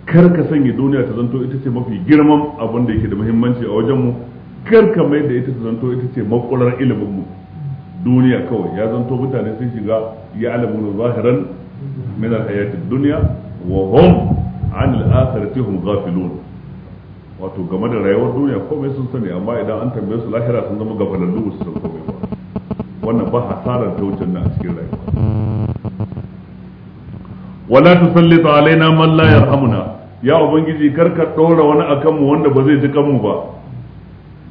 kar ka sanya duniya ta zanto ita ce mafi girman abin da yake da muhimmanci a wajen mu kar ka mai da ita ta zanto ita ce makular ilimin mu duniya kawai ya zanto mutane sun shiga ya alamu zahiran min alhayatid duniya, wa hum an al-akhirati hum ghafilun wato game da rayuwar duniya komai sun sani amma idan an tambaye su lahira sun zama gafalallu su san komai ba wannan ba hasarar ta wucin na a cikin rayuwa wala tusallitu alaina man la yarhamuna ya ubangiji kar ka ɗora wani a kanmu wanda ba zai ji kanmu ba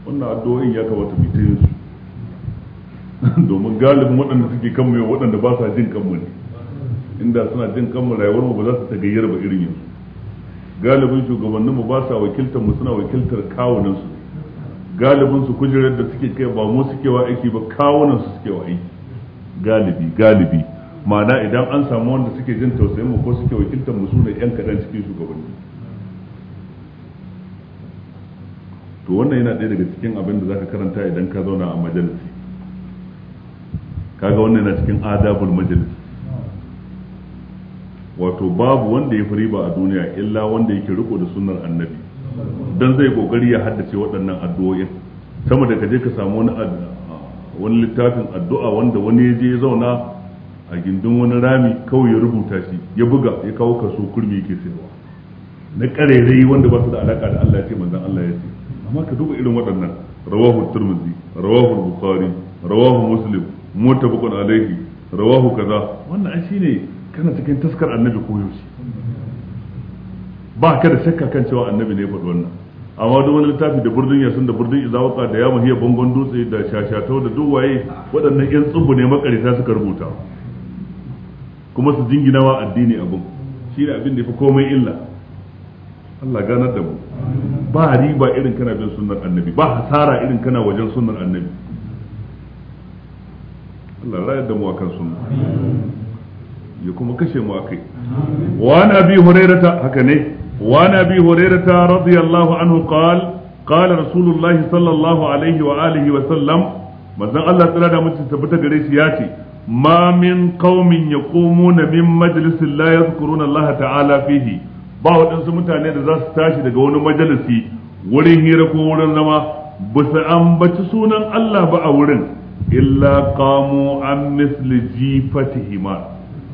wannan addu'o'in ya kamata mu tayin su domin galibin waɗanda suke kanmu yau waɗanda ba sa jin kanmu ne inda suna jin kanmu rayuwar mu ba za su tagayyar ba irin yanzu galibin shugabanninmu ba sa wakiltar mu suna wakiltar kawunan su galibin su kujerar da suke kai ba mu suke wa aiki ba kawunan su suke wa aiki galibi galibi ma'ana idan an samu wanda suke jin tausayin mu ko suke wakiltar mu sune yan kaɗan cikin shugabanni to wannan yana ɗaya daga cikin abin da zaka karanta idan ka zauna a majalisi kaga wannan yana cikin adabul majalisi wato babu wanda ya fi ba a duniya illa wanda yake riko da sunnar annabi dan zai kokari ya haddace waɗannan addu'o'in sama da ka je ka samu wani wani littafin addu'a wanda wani ya je ya zauna a gindin wani rami kawai ya rubuta shi ya buga ya kawo kaso kurmi ke sayarwa na karerai wanda ba su da alaƙa da Allah ya ce manzan Allah ya ce amma ka duba irin waɗannan rawahu turmuzi rawahu bukhari rawahu muslim mota muttafaqun alaihi rawahu kaza wannan shi ne kana cikin taskar annabi ko yaushe ba ka da shakka kan cewa annabi ne ya faɗi wannan amma duk wani littafi da burdun yasun da burdun izawaka da ya mahiya bangon dutse da shashatau da duk waye waɗannan yan tsubu ne makarita suka rubuta kuma su jingina wa addini abin shi ne abin da ya fi komai illa Allah ganar da mu ba riba irin kana bin sunnar annabi ba hasara irin kana wajen sunnar annabi Allah rayar da mu akan sunna ya kuma kashe mu akai wa na nabi hurairata haka ne wa na nabi hurairata radiyallahu anhu qala qala rasulullahi sallallahu alaihi wa alihi wa sallam manzon Allah tsira da mutunta tabbata gare shi ya ce ما من قوم يقومون من مجلس لا يذكرون Allah ta'ala فيه ba waɗansu mutane da za su tashi daga wani majalisi wurin hira ko wurin zama ba su ambaci sunan Allah ba a wurin illa qamu an misli jifatihima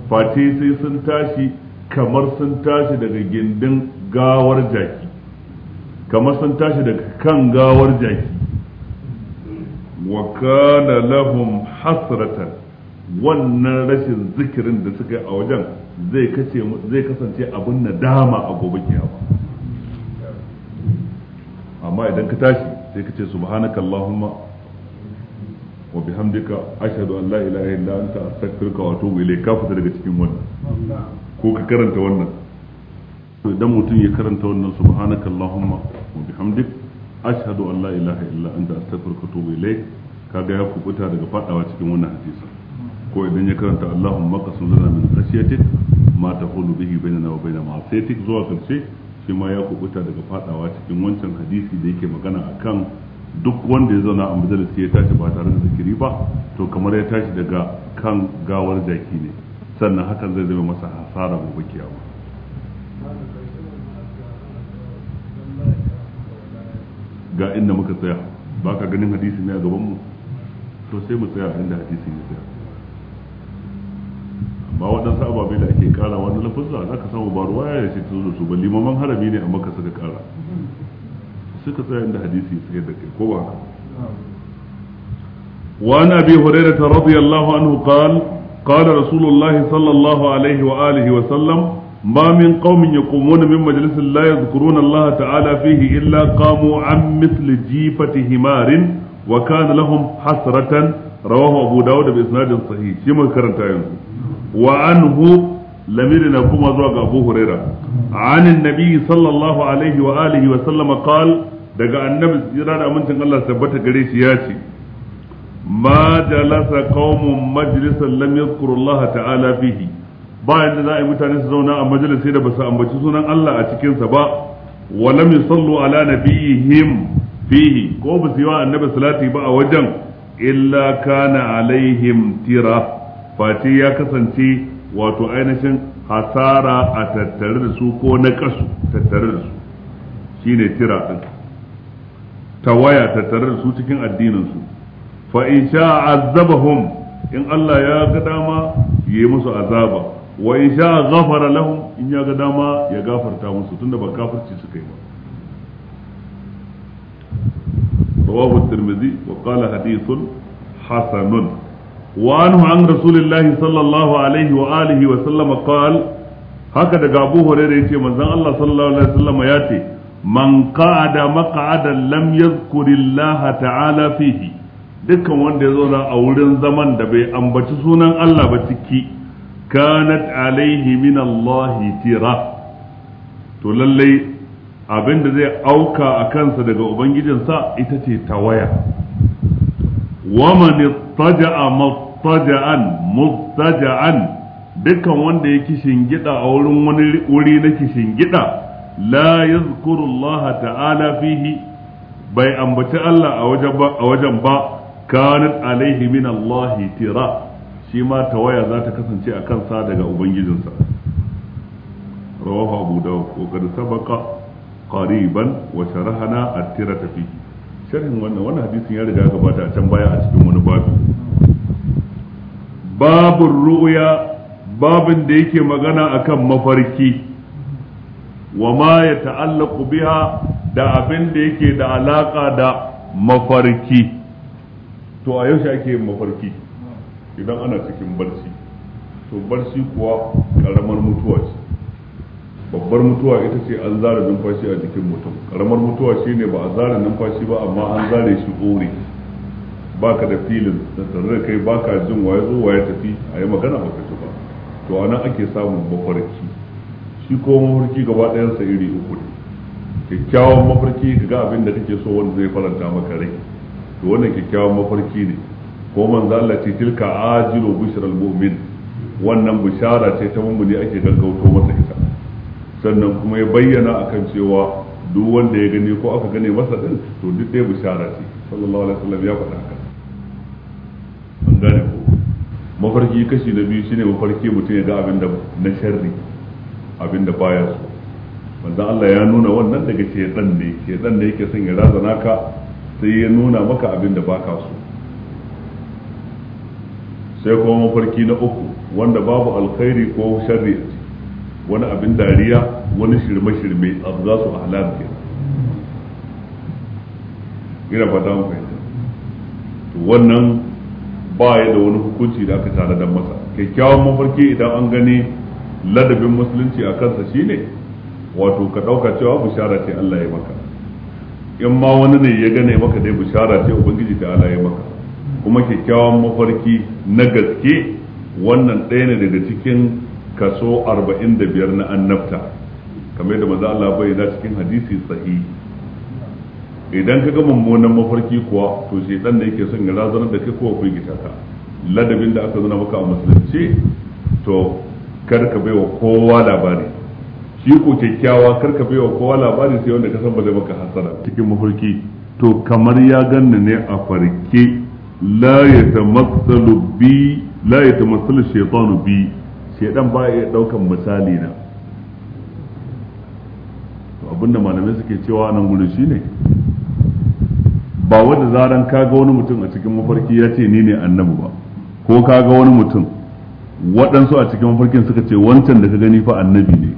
fati sai sun tashi kamar sun tashi daga gindin gawar jaki kamar sun tashi daga kan gawar jaki wa kana lahum hasratan wannan rashin zikirin da suka yi a wajen zai kasance abin nadama a gobe kiyama amma idan ka tashi sai ka ce subhanaka allahumma wa bihamdika ashhadu an la ilaha illa anta astaghfiruka wa atubu ilayk ka fita daga cikin wannan ko ka karanta wannan idan mutum ya karanta wannan subhanaka allahumma wa bihamdika ashhadu an la ilaha illa anta astaghfiruka wa atubu ilayk kaga ya kubuta daga fadawa cikin wannan hadisi ko idan ya karanta Allahun makasun lana min khashyatik ma hulu bihi bainana wa baina ma'asiyatik zuwa karshe shi ma ya kubuta daga fadawa cikin wancan hadisi da yake magana akan duk wanda ya zauna a majalisi ya tashi ba tare da zikiri ba to kamar ya tashi daga kan gawar jaki ne sannan hakan zai zama masa hasara gobe kiyama ga inda muka tsaya ba ka ganin hadisi ne a gabanmu to sai mu tsaya inda hadisi ne tsaya ba waɗansu ababe da ake ƙara wani lafazza za ka samu ba ruwaya ya ce su ba limaman harami ne amma ka suka ƙara suka tsaya inda hadisi ya tsaye da kai ko ba haka wa na bi hurairah ta anhu qal qala rasulullah sallallahu alaihi wa alihi wa sallam ma min qaumin yaqumuna min majlisin la allah ta'ala fihi illa qamu an mithli jifati himarin wakana kana lahum hasratan rawahu abu dawud bi isnadin sahih shi mun yanzu wa anhu lamiri na kuma zuwa ga Abu Huraira anin nabi sallallahu alaihi wa alihi wa sallama qal daga annabi jira da amincin Allah tabbata gare shi ya ce ma jalasa qaumun majlisan lam yadhkuru Allah ta'ala fihi ba yanda za a yi mutane su zauna a majalisi da basu ambaci sunan Allah a cikin sa ba wa lam yusallu ala nabiyihim fihi ko ba su yi wa annabi salati ba a wajen illa kana alaihim tira Fati ya kasance wato ainihin hasara a tattare da su ko na kasu tattare da su Shi ne tira din tawaya tattare da su cikin addininsu. fa in sha azabahum in Allah ya ga dama yi musu azaba wa in sha gafara lahum in ya ga dama ya gafarta musu tunda ba kafirci suka yi ba at-tirmidhi wa qala hadithun hasanun وعنه عن رسول الله صلى الله عليه وآله وسلم قال haka daga Abu Hurairah yace manzan Allah sallallahu alaihi wasallam ya ce man qa'ada maq'adan lam yadhkurillaha ta'ala fihi dukkan wanda ya zauna a wurin zaman da bai ambaci sunan Allah ba ciki kanat alaihi min to lallai, abin da zai auka a kansa daga ubangijinsa ita ce tawaya wa man ittaja'a muttaja'an muttaja'an dukkan wanda ya shingida a wurin wani wuri na kishingida la yazkuru Allah ta'ala fihi bai ambaci Allah a wajen ba a wajen ba kanat alaihi min Allah tira shi ma tawaya za ta kasance a kansa daga ubangijinsa rawahu abu dawud wa qad sabaqa qariban wa sharahana at-tirata fihi sharhin wannan wannan hadisin ya riga gabata a can baya a cikin wani babu babun ru'ya babin da yake magana akan mafarki wa ma ya ta'allaqu biha da abin da yake da alaka da mafarki to a yaushe ake yin mafarki idan ana cikin barci to barci kuwa karamar mutuwa ce babbar mutuwa ita ce an zara numfashi a jikin mutum karamar mutuwa ne ba a zara numfashi ba amma an zare shi Ba ka da filin da tare da kai ka jin waye zo waye tafi a yi magana ba ka ba to a nan ake samun mafarki shi ko mafarki gaba ɗayansa iri uku ne kyakkyawan mafarki ka ga abin da kake so wanda zai faranta maka rai to wannan kyakkyawan mafarki ne ko manzo Allah ce tilka ajiru bushral mu'min wannan bishara ce ta mummuni ake gaggauto masa ita sannan kuma ya bayyana akan cewa duk wanda ya gani ko aka gane masa din to duk dai bishara ce sallallahu alaihi wasallam ya faɗa haka an gane ko mafarki kashi na biyu shine mafarki mutum ya ga abin da na sharri abin da baya so wanda Allah ya nuna wannan daga dan ne dan ne yake son ya raza ka sai ya nuna maka abin da baka so sai kuma mafarki na uku wanda babu alkhairi ko sharri wani abin dariya wani shirme-shirme abu za su halar ke ina fata mu fahimta to wannan ba ya da wani hukunci da aka tare da masa kyakkyawan mafarki idan an gani ladabin musulunci a kansa shine wato ka ɗauka cewa bishara ce Allah ya maka in ma wani ne ya gane maka dai bishara ce ubangiji ta Allah ya maka kuma kyakkyawan mafarki na gaske wannan ɗaya ne daga cikin kaso 45 na annabta kamar yadda maza Allah bayyana cikin hadisi sahi idan ka ga mummunan mafarki kuwa to dan da yake son ya razanar da kai kowa kuwa gita ka ladabin da aka zana maka a musulunci to kar ka baiwa kowa labari shi ko kyakkyawa kar ka baiwa kowa labari sai wanda ka san ba zai maka hasara cikin mafarki to kamar ya ganni ne a farke la yatamassalu bi la yatamassalu shaytanu bi shedan ba ya daukan misali na to abinda malamai suke cewa nan gudu shine ba wanda zaran kaga wani mutum a cikin mafarki ya ce ni ne annabi ba ko kaga wani mutum waɗansu a cikin mafarkin suka ce wancan da ka gani fa annabi ne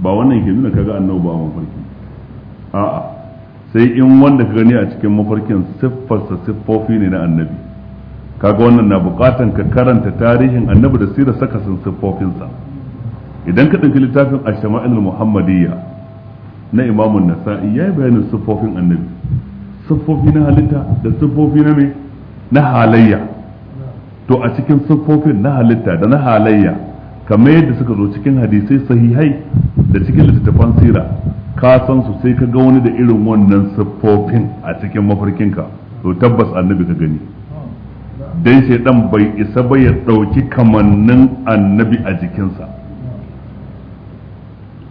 ba wannan ke nuna kaga annabi ba mafarki a'a sai in wanda ka gani a cikin mafarkin siffarsa siffofi ne na annabi kaga wannan na bukatan ka karanta tarihin annabi da sirar saka sun siffofinsa idan ka ɗauki littafin ashama'il muhammadiyya na imamun nasa'i ya yi bayanin siffofin annabi siffofi na halitta da siffofi na me na halayya to a cikin siffofin na halitta da na halayya kamar yadda suka zo cikin hadisai sahihai da cikin littattafan sira ka san su sai ka ga wani da irin wannan siffofin a cikin mafarkinka to tabbas annabi ka gani dan shaidan bai isa ba ya ɗauki kamannin annabi a jikinsa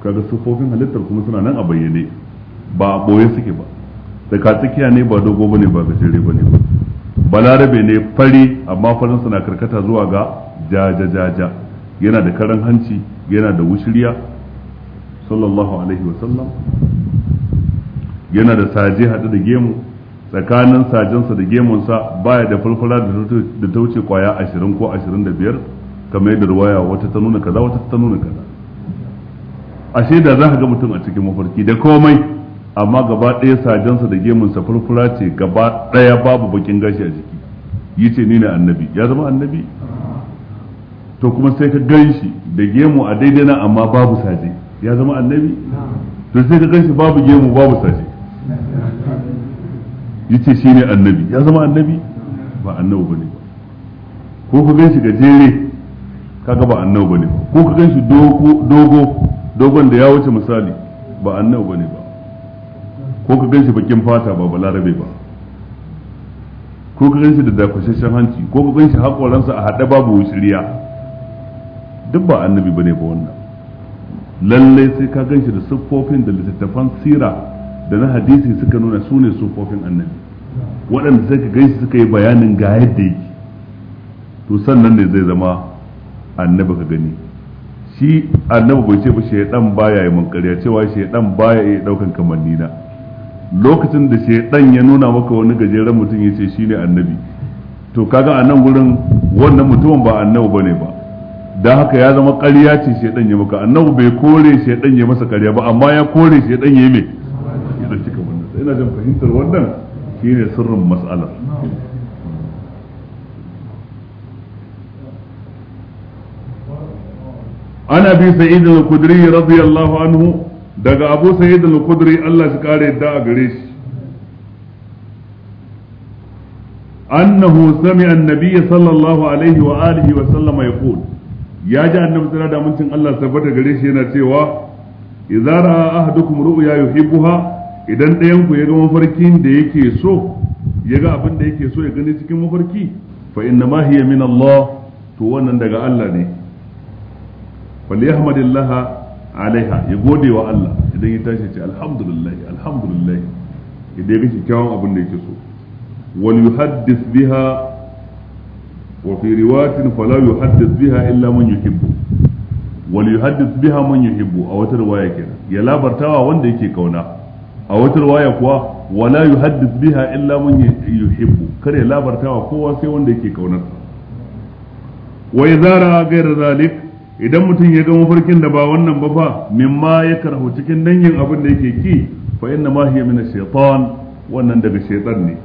kaga sufofin halittar kuma suna nan a bayyane ba a ɓoye suke ba daga tsakiya ne ba dogo ba ne, ba gajere ne ba balarabe ne fari amma farinsa na karkata zuwa ga jajajaja yana da karan hanci yana da wushiriya sallallahu alaihi wasallam yana da saje haɗe da gemu tsakanin sajinsa da gemunsa baya da fulfula da ta wuce kwaya ashirin ko ashirin da biyar kamar yadda ruwaya wata ta nuna kaza wata ta nuna kaza ashe da za ka ga mutum a cikin mafarki da komai amma gaba ɗaya sajensa da gemunsa fulfula ce gaba ɗaya babu bakin gashi a jiki yi ce ni ne annabi ya zama annabi to kuma sai ka gan shi da gemu a daidai na amma babu saje ya zama annabi to sai ka gan shi babu gemu babu saje yace shine annabi ya zama annabi ba annabi bane ko ka shi gajere kaga ba annabi bane ko ka shi dogo dogo dogon da ya wuce misali ba annabi bane ba ko ka shi bakin fata ba balarabe ba ko ka shi da dakushashen hanci ko ka shi hakoransa a hada babu wuciriya duk ba annabi bane ba wannan lallai sai ka gan shi da siffofin da littattafan sira da na hadisi suka nuna su ne sufofin annabi waɗanda sai ka gaisu suka yi bayanin ga yadda yake to sannan ne zai zama annabi ka gani shi annabi bai ce ba shaidan baya yi munkariya cewa shaidan baya yi daukan kamanni na lokacin da shaidan ya nuna maka wani gajeren mutum ya ce shi ne annabi to kaga a nan gurin wannan mutumin ba annabi bane ba da haka ya zama ƙarya ce shaidan ya maka annabi bai kore shaidan ya masa ƙarya ba amma ya kore shaidan ya yi mai ina jin fahimtar wannan shine sirrin mas'alar an abi sa'id al-khudri radiyallahu anhu daga abu sa'id al-khudri Allah shi kare yadda a gare shi annahu sami'a sallallahu alaihi wa wa sallama yaqul ya ji annabi tsira da mincin Allah tabbata gareshi yana cewa idza ra'a ahadukum ru'ya idan ɗayan ku ya ga mafarkin da yake so ya ga abin da yake so ya gani cikin mafarki fa inna ma hiya min Allah to wannan daga Allah ne falyahmadillaha alaiha ya gode wa Allah idan ya tashi ce alhamdulillah alhamdulillah idan ya ga kyawun abin da yake so wal yuhaddith biha وفي رواية فلا يحدث بها إلا من يحب وليحدث بها من يحب أو رواية كده يلا برتاوى وندي كي كونا a wata waya kuwa wala yuhaddith biha illa man yuhibbu kare labartawa kowa sai wanda yake kaunar wa idara ghayra zalik idan mutum ya ga mafarkin da ba wannan ba fa mimma ya karhu cikin dangin abin da yake ki fa inna ma hiya min shaytan wannan daga shaytan ne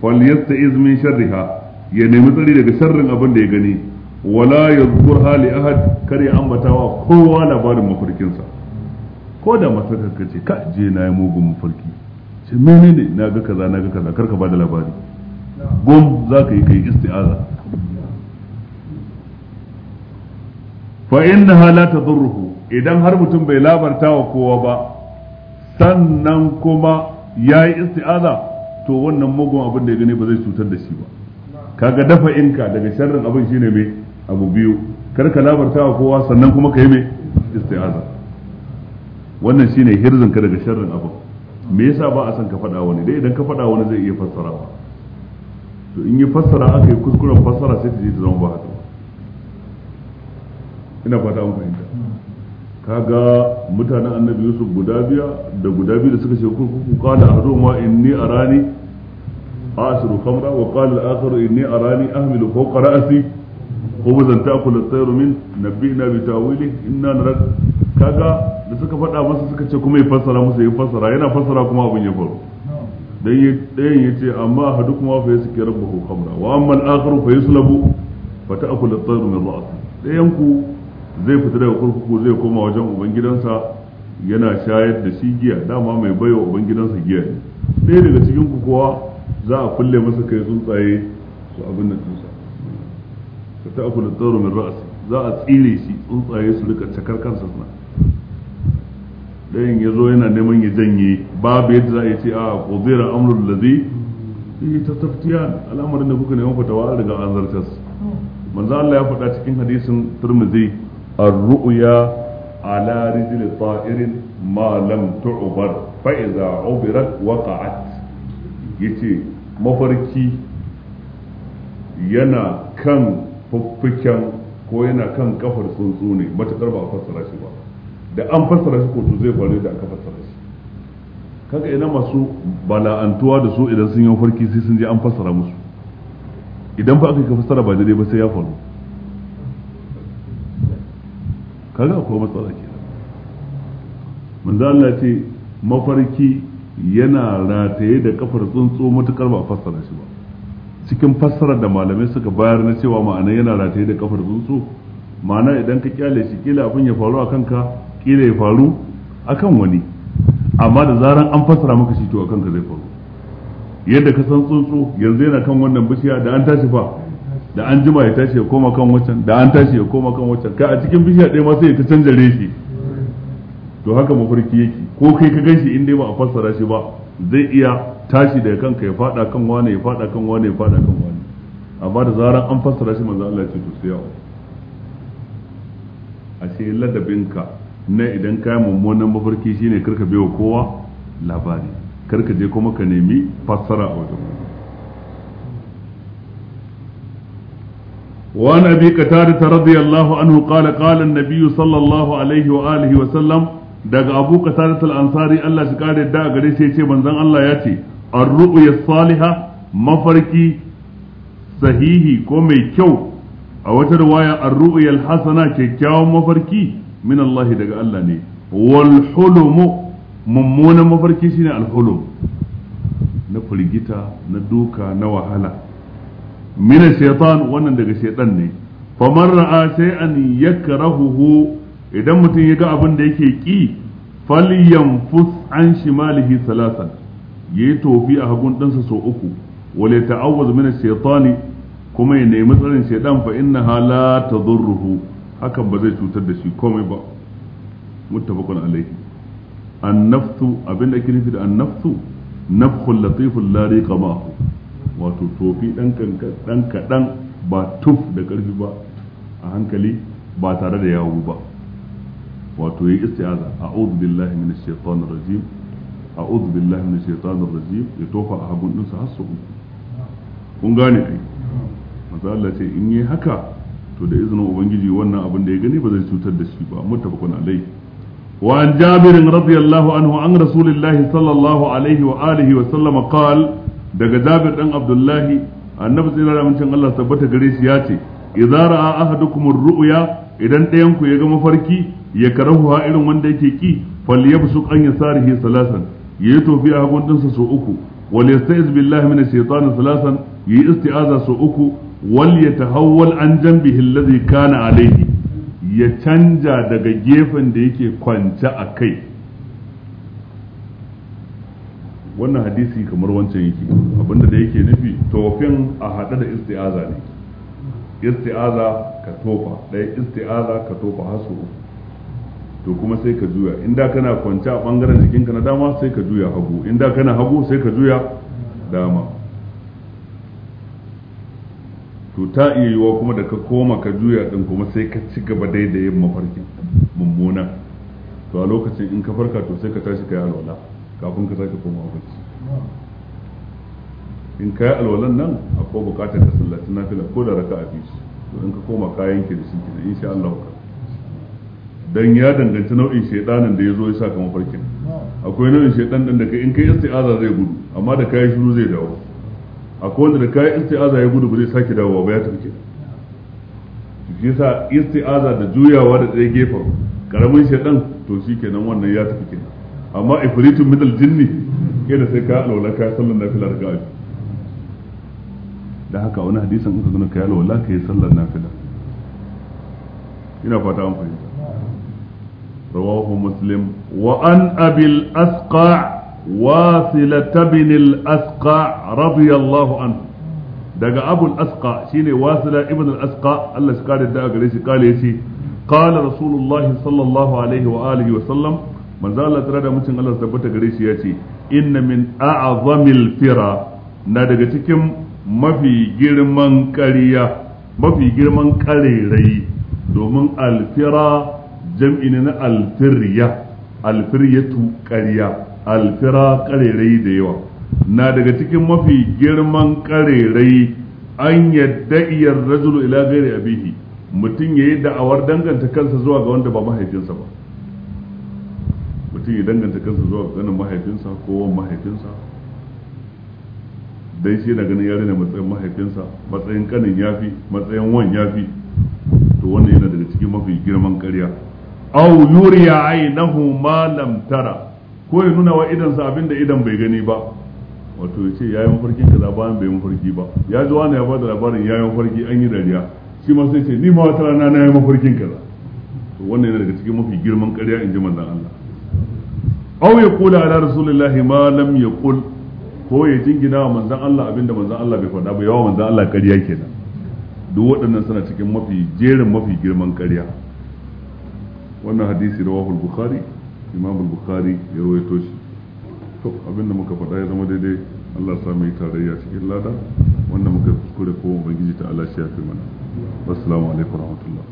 fal yasta'iz min sharriha ya nemi tsari daga sharrin abin da ya gani wala yadhkurha li ahad kare ambatawa kowa labarin mafarkinsa ko da masu ka ce ka je na yi mugun mafarki ce mene ne na ga kaza na ga kaza kar ka bada labari gom za ka yi kai isti'aza fa inna halata zurruhu idan har mutum bai labarta wa kowa ba sannan kuma ya yi isti'aza to wannan mugun abin da ya gani ba zai cutar da shi ba kaga dafa inka daga sharrin abin shine mai abu biyu kar ka labarta wa kowa sannan kuma ka yi mai isti'aza wannan shine hirzin ka daga sharrin abu me yasa ba a san ka faɗa wani dai idan ka faɗa wani zai iya fassara ba to in yi fassara aka yi kuskuren fassara sai ta je ta zama ba haka ina fata an fahimta kaga mutanen annabi yusuf guda biya da guda biyu da suka ce kurkuku qala ahduma inni arani asiru khamra wa qala al-akharu inni arani ahmilu fawqa ra'si khubzan ta'kulu at-tayru min nabbi'na bi ta'wili inna naraka kaga da suka faɗa masa suka ce kuma ya fassara musu ya fassara yana fassara kuma abin ya faru dan ɗayan ya ce amma hadu kuma fa yasqi rabbuhu kamra. wa amma al-akharu fa yuslabu fa ta'kulu at-tayru min ra'si ɗayan ku zai fita daga kurkuku zai koma wajen ubangidansa yana shayar da shi giya dama mai baiwa ubangidansa giya ne ɗaya daga cikin ku kowa za a kulle masa kai tsuntsaye su abin da tusa. fa ta'kulu at-tayru min ra'si za a tsire shi tsuntsaye su rika cakar kansa suna ɗayan ya zo yana neman ya janye babu yadda za a yi ce a kudira amrul ladhi yi ta taftiya al'amarin da kuka neman fatawa a daga an manzo Allah ya faɗa cikin hadisin Tirmidhi ar-ru'ya ala rijli ta'irin ma lam tu'bar fa idza ubirat waqa'at yace mafarki yana kan fuffuken ko yana kan kafar tsuntsu ne ta ba a fassara shi ba da an fassara shi kotu zai faru da aka fassara shi kaga idan masu bala'antuwa da su idan sun yi farki sai sun je an fassara musu idan ba aka yi fassara ba daidai ba sai ya faru kaga akwai matsala ke manzo Allah ce mafarki yana rataye da kafar tsuntsu matukar ba fassara shi ba cikin fassara da malamai suka bayar na cewa ma'ana yana rataye da kafar tsuntsu ma'ana idan ka kyale shi kila abin ya faru a kanka kila ya faru akan wani amma da zaran an fassara maka shi to akan ka zai faru yadda ka san tsuntsu yanzu yana kan wannan bishiya da an tashi fa da an jima ya tashi ya koma kan wancan da an tashi ya koma kan wancan ka a cikin bishiya ɗaya ma sai ya ta canza reshi to haka mafarki yake ko kai ka ganshi in dai ba a fassara shi ba zai iya tashi daga kanka ya faɗa kan wane ya faɗa kan wane ya faɗa kan wane amma da zaran an fassara shi manzo Allah ya ce to sai a ashe ladabinka na idan ka mummunan mafarki shine karka bai wa kowa labari karka je kuma ka nemi fassara a wajen وعن أبي قتادة رضي الله عنه قال قال النبي صلى الله عليه وآله وسلم دق أبو قتادة الأنصاري الله شكار الداء قريش يتي من ذن الله ياتي الرؤية الصالحة مفركي صحيحي كومي كو أو رواية الرؤية الحسنة كيكاو مفركي min Allah daga Allah ne wal hulum mummunan mafarki shine al hulum na firgita na duka na wahala min shaitan wannan daga shaitan ne faman ra'a shay'an yakrahuhu idan mutum ya ga abin da yake ki falyanfus an shimalihi salasan yayi tofi a hagun ɗansa sau uku wale ta'awwaz min shaitani kuma ya nemi tsarin shaiɗan fa innaha la tadurruhu hakan ba zai cutar da shi komai ba muttafaqun alaihi abin da ake nufi da annafsu nafhul latiful la riqa ma'ahu wato tofi dan dan kadan ba tuf da karfi ba a hankali ba tare da yawo ba wato yi isti'aza a'udhu billahi minash shaitanir rajim a'udhu billahi minash shaitanir rajim ya tofa a hagun dinsa har su kun gane ai manzo Allah ce in yi haka to da izinin ubangiji wannan abin da ya gani ba zai cutar da shi ba muttafaqun alai wa an jabir radiyallahu anhu an rasulillahi sallallahu alaihi wa alihi wa sallama qal daga jabir dan abdullahi annabi tsira da mutum Allah tabbata gare shi ya ce idza ra'a ahadukum ar-ru'ya idan ɗayan ku ya ga mafarki ya karahuha irin wanda yake ki falyabsuq an yasarihi salasan yayi tofi a hagun dinsa so uku wal yasta'iz billahi minash shaitani salasan yayi isti'aza so uku wal yatahawwal an janbihi alladhi kana alayhi ya canja daga gefen da yake kwance a kai wannan hadisi kamar wancan yake abinda da yake nufi tofin a haɗe da isti'aza ne isti'aza ka tofa ɗaya isti'aza ka tofa hasu to kuma sai ka juya inda kana kwance a ɓangaren jikinka na dama sai ka juya hagu inda kana hagu sai ka juya dama to ta iya yiwa kuma da ka koma ka juya din kuma sai ka ci gaba dai yin mafarkin mummuna to a lokacin in ka farka to sai ka tashi ka yi alwala kafin ka sake koma bacci in ka yi alwalan nan akwai bukatar ka sallaci nafila ko da raka'a biyu to in ka koma kayan ki da shi kenan insha Allah ka dan ya danganci nau'in shaydanin da ya zo ya saka mafarkin akwai nau'in shaydan din da in kai isti'aza zai gudu amma da kai shiru zai dawo akwai wanda da kayan isti'aza ya gudu ba zai sake dawowa ba ya tafi sa shi yasa isti'aza da juyawa da ɗaya gefen karamin shaɗan to shi kenan wannan ya tafi kenan amma ifritun min jinni ke da sai ka alwala ka sallan na da gaji da haka wani hadisan in ka zana ka yi alwala ka yi sallan nafila ina fata an fahimta rawahu muslim wa an abil asqa wasilata bin al-asqa radiyallahu daga abul asqa shine wasila ibn al-asqa Allah shi kare da gare shi kale yace qala rasulullahi sallallahu alaihi wa alihi wa sallam manzo Allah da mutum Allah tabbata gare shi yace inna min a'zamil fira na daga cikin mafi girman ƙarya mafi girman ƙarerai domin alfira jam'i na alfirya alfiryatu ƙarya alfira karerai da yawa na daga cikin mafi girman karerai an yadda iyar rajulu ila gairi abihi mutum ya yi da'awar danganta kansa zuwa ga wanda ba mahaifinsa ba mutum ya danganta kansa zuwa ga ganin mahaifinsa ko wan mahaifinsa dai shi na ganin yare ne matsayin mahaifinsa matsayin kanin yafi matsayin wan yafi to wannan yana daga cikin mafi girman ƙarya au yuriya ainihu ma lam tara ko ya nuna wa idansa abin da idan bai gani ba wato ya ce ya yi mafarkin kaza bayan bai mafarki ba ya ji wani ya bada labarin ya yi mafarki an yi dariya shi ma sai ce ni ma wata rana na yi mafarkin kaza to wannan yana daga cikin mafi girman ƙarya in ji manzon Allah aw ya kula ala rasulillahi ma lam yaqul ko ya jingina wa manzon Allah abinda manzon Allah bai faɗa ba yawa manzon Allah ƙarya kenan duk waɗannan suna cikin mafi jerin mafi girman ƙarya wannan hadisi rawahul bukhari imam bukhari ya rawaito shi to abinda muka faɗa ya zama daidai Allah sa mu yi tarayya cikin lada wanda muka kuskure ko ubangiji ta Allah shi ya fi mana assalamu alaikum warahmatullahi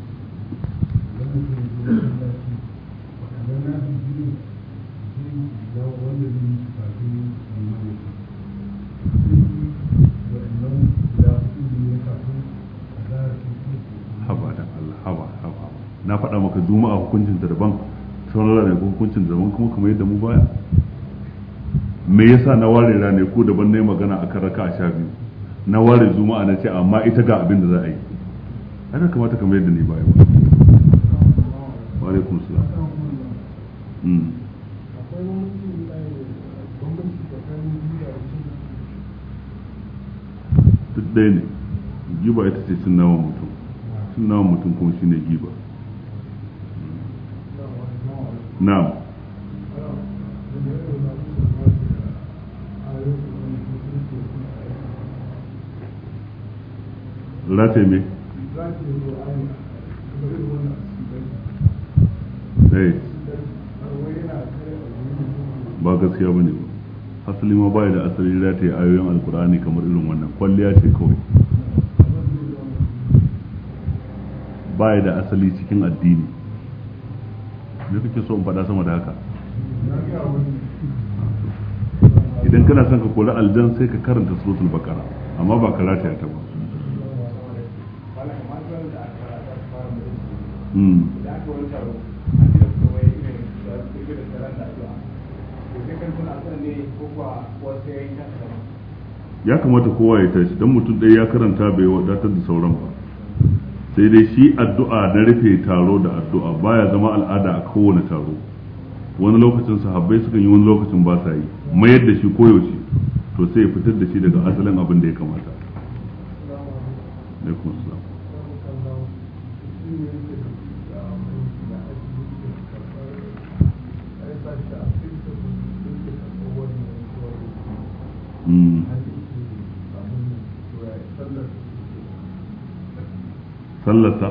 haba da Allah haba haba na faɗa maka juma'a hukuncin daban sauran ko hukuncin zaman kuma kamar yadda mu baya me yasa na ware ko daban na magana a kan raka a sha biyu na ware juma'a na ce amma ita ga abin da za a yi ana kamata kamar yadda ni baya ba wa alaikum Su hmm. duk ɗaya ne giba ita ce sun nawa mutum sun nawa mutum kuma shine giba na'am rataye me ba gaskiya ba ne asali ma bai da asali rataye ayoyin alkur'ani kamar irin wannan kwalliya ce kawai bai da asali cikin addini da kake so in fada sama da haka idan kana son ka kula aljan sai ka karanta suratul baqara amma ba karata ya taba hmm. ya kamata kowa ya tashi don mutum ɗaya ya karanta bai wadatar da sauran ba sai dai shi addu'a na rufe taro da addu'a baya zama al'ada a kowane taro wani lokacin sahabbai sukan yi wani lokacin ba sa yi mayar da shi koyaushe to sai ya fitar da shi daga asalin abin da ya kamata alaikum sallarsa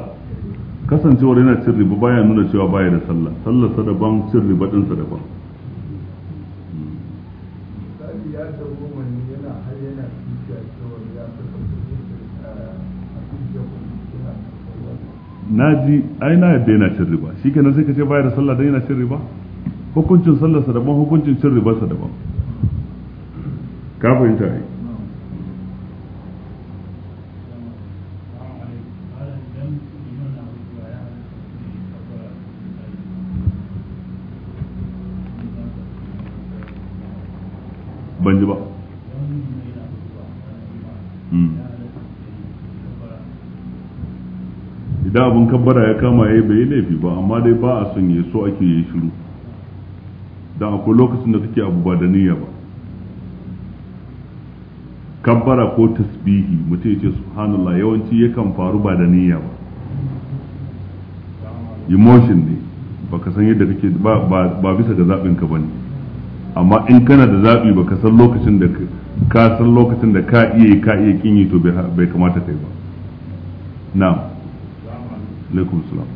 kasancewar yana cin riba baya nuna cewa baya da sallah sallarsa daban cin riba ɗinsa daban na ji ai na yadda yana cin riba shi kenan sai ka ce baya da sallah don yana cin riba hukuncin sallarsa daban hukuncin cin ribarsa daban ka fahimta ai Da abin kabbara ya kama ya yi bai laifi ba amma dai ba a son so ake yi shiru da akwai lokacin da suke abu ba da niyya ba kabbara ko tasbihi mutum ya ce subhanallah yawanci yakan faru ba da niyya ba emotion ne ba ka san yadda kake ba bisa ga zaɓin ka bane amma in kana da zaɓi ba san lokacin da ka san lokacin da ka iya ka iya kinyi to bai kamata kai ba na. alaikum salam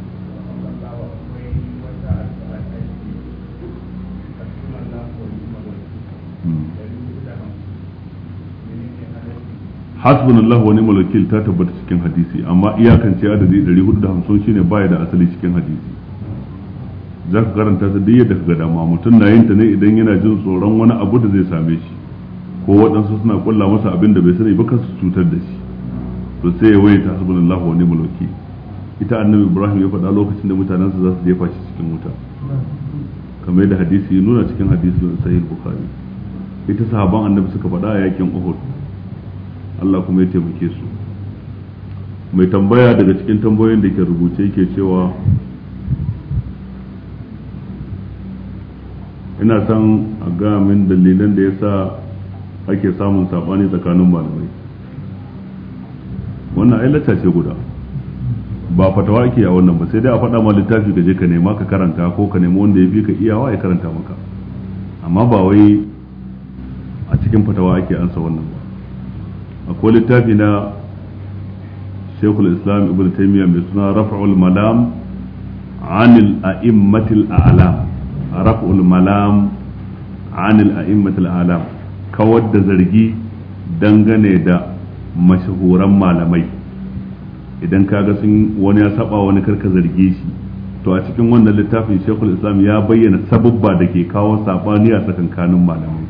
wani hmm. wa ta tabbata cikin hadisi amma iyakance adadi 450 shine baya da asali cikin hadisi za ka karanta ta duk yadda kaga dama mutum na yinta ne idan yana jin tsoron wani abu da zai same shi ko waɗansu suna kulla masa abin da bai sani ba su cutar da shi to sai ya waye ta hasbunallah wani ni'mal ita annabi ibrahim ya faɗa lokacin da mutanensa za su jefa shi cikin wuta kamar yadda hadisi ya nuna cikin hadisi sahih bukhari ita sahaban annabi suka faɗa a yakin uhud Allah kuma ya taimake su mai tambaya daga cikin tambayoyin da ke rubuce ke cewa ina son a gamin dalilan da ya sa ake samun saɓani tsakanin malamai wannan ai ce guda ba fatawa ake a wannan ba sai dai a faɗa ma littafi ka je ka nema ka karanta ko ka nemi wanda ya fi ka iyawa ya karanta maka amma ba wai a cikin fatawa ake ansa wannan ba akwai littafi na shekul islam ibn taimiyya mai suna rafa'ul malam anil a'immatil a'lam rafa'ul malam anil a'immatil a'lam kawar da zargi dangane da mashahuran malamai idan kaga sun wani ya saba wani karka zarge shi to a cikin wannan littafin shekul islam ya bayyana sababba da ke kawo sabani a tsakankanin malamai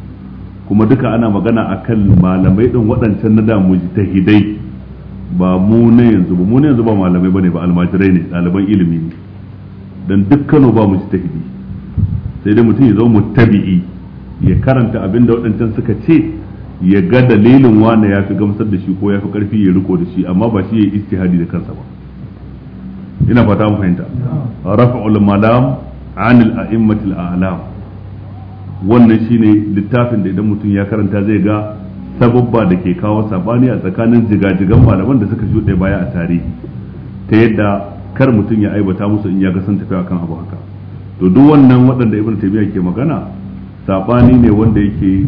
kuma duka ana magana a kan malamai ɗin waɗancan na da hidai ba mu na yanzu ba mu na yanzu ba malamai ba ne ba almajirai ne ɗaliban ilimi ne don dukkanu ba mu ta hidai sai dai mutum ya zo mu tabi'i ya karanta abin da waɗancan suka ce ya ga dalilin wane ya fi gamsar da shi ko ya fi karfi ya riko da shi amma ba shi ya istihadi da kansa ba ina fata mu fahimta rafa'ul malam anil a'immatil a'lam wannan shine littafin da idan mutum ya karanta zai ga sababba da ke kawo sabani a tsakanin jigajigan malaman da suka shuɗe baya a tarihi ta yadda kar mutum ya aibata musu in ya ga sun tafi akan abu haka to duk wannan waɗanda ibn tabiya ke magana sabani ne wanda yake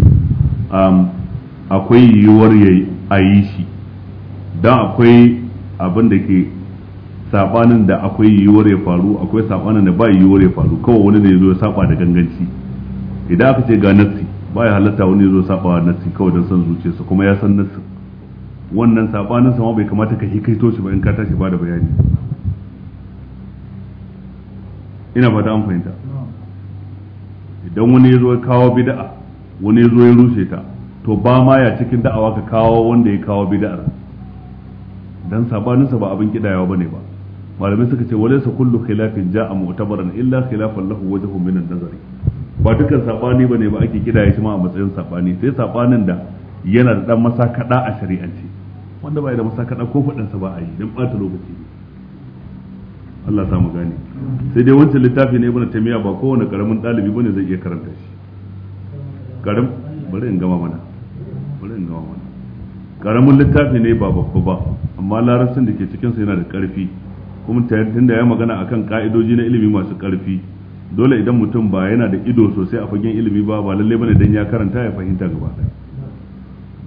um, akwai yiwuwar ya a yi shi don akwai abin da ke sabanin da akwai yiwuwar ya faru akwai sabanin da ba yiwuwar ya faru kawai wani ne zo ya saba da ganganci idan aka ce ga nassi ba ya halatta wani ya zo saba wa nassi kawai don san zuciyarsa kuma ya san nassi wannan sabanin sama bai kamata ka hikaito shi ba in ka tashi ba da bayani ina fata an fahimta idan wani ya zo ya kawo bid'a wani ya zo ya rushe ta to ba ma ya cikin da'awa ka kawo wanda ya kawo bid'ar dan sabaninsa ba abin kidayawa bane ba Malami suka ce sa kullu khilafin ja'a mu'tabaran illa khilafan lahu wajhu min an-nazari ba dukkan sabani bane ba ake kidaya shi ma a matsayin sabani sai sabanin da yana da dan masakada a shari'ance wanda bai da masakada ko fadin sa ba a yi dan bata lokaci Allah ya mu gane sai dai wancan littafi ne ibn tamiya ba kowane karamin dalibi bane zai iya karanta shi karam bari in gama mana bari gama wani karamin littafi ne ba babba ba amma larabcin da ke cikin sa yana da ƙarfi kuma tunda ya magana akan ka'idoji na ilimi masu ƙarfi dole idan mutum ba yana da ido sosai a fagen ilimi ba ba lalle bane dan ya karanta ya fahimta gaba ɗaya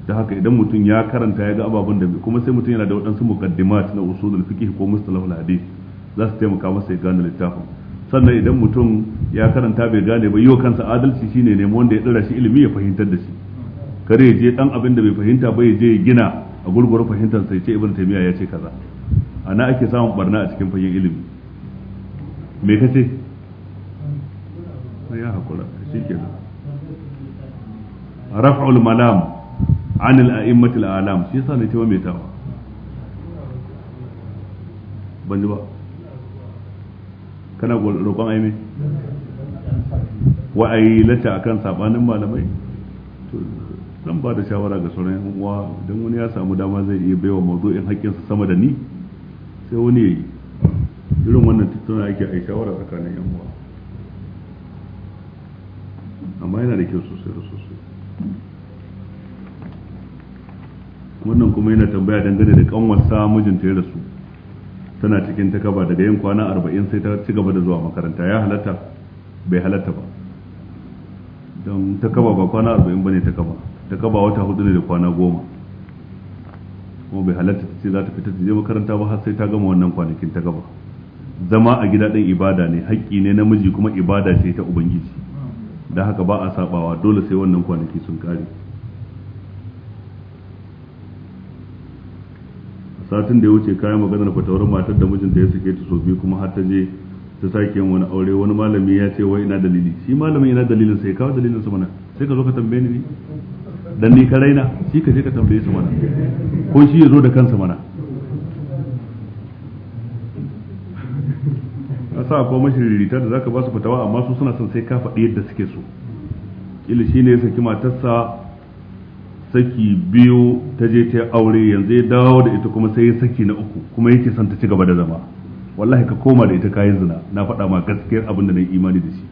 da haka idan mutum ya karanta ya ga ababen da kuma sai mutum yana da waɗansu muqaddimat na usulul fiqh ko mustalahul ladi za su taimaka masa ya gane littafin sannan idan mutum ya karanta bai gane ba yiwa kansa adalci shine ne wanda ya dara shi ilimi ya fahimtar da shi kare ya je dan abin da bai fahimta ba je ya gina a gurgurar fahimtar sai ce ibn taymiya ya ce kaza ana ake samun barna a cikin fagen ilimi me kace ya hakura shikenan raf'ul malam an al-a'immatil alam shi yasa ne tawa mai tawa ban ji ba kana roƙon aime wa'ayi lata akan sabanin malamai zan ba da shawara ga sauran yan uwa idan wani ya samu dama zai iya baiwa mawdu'in haƙƙinsa sama da ni sai wani ya yi irin wannan tattauna ake a shawara tsakanin yan uwa amma yana da kyau sosai da sosai wannan kuma yana tambaya dangane da kanwarsa mijinta ya rasu tana cikin takaba daga yin kwana arba'in sai ta ci gaba da zuwa makaranta ya halatta bai halatta ba don takaba ba kwana arba'in ba ne takaba ta kaba wata hudu ne da kwana goma kuma bai halarta ta ce za ta fita ta je makaranta ba har sai ta gama wannan kwanakin ta gaba zama a gida ɗin ibada ne haƙƙi ne namiji kuma ibada ce ta ubangiji da haka ba a sabawa dole sai wannan kwanaki sun kare satin da ya wuce kayan maganar fatawar matar da mijinta ya sake ta sobi kuma har ta je ta sake wani aure wani malami ya ce wai ina dalili shi malami ina dalilin sai kawo dalilin su mana sai ka zo ka tambaye ni dan ni ka raina shi ka je ka tambaye su mana ko shi ya zo da kansa mana a sa ko mashiririta da zaka ba su fitawa amma su suna son sai ka faɗi yadda suke so kila shi ne ya saki matarsa saki biyu ta je ta aure yanzu ya dawo da ita kuma sai ya saki na uku kuma yake son ta ci gaba da zama wallahi ka koma da ita kayan zina na faɗa ma gaskiyar abin da na imani da shi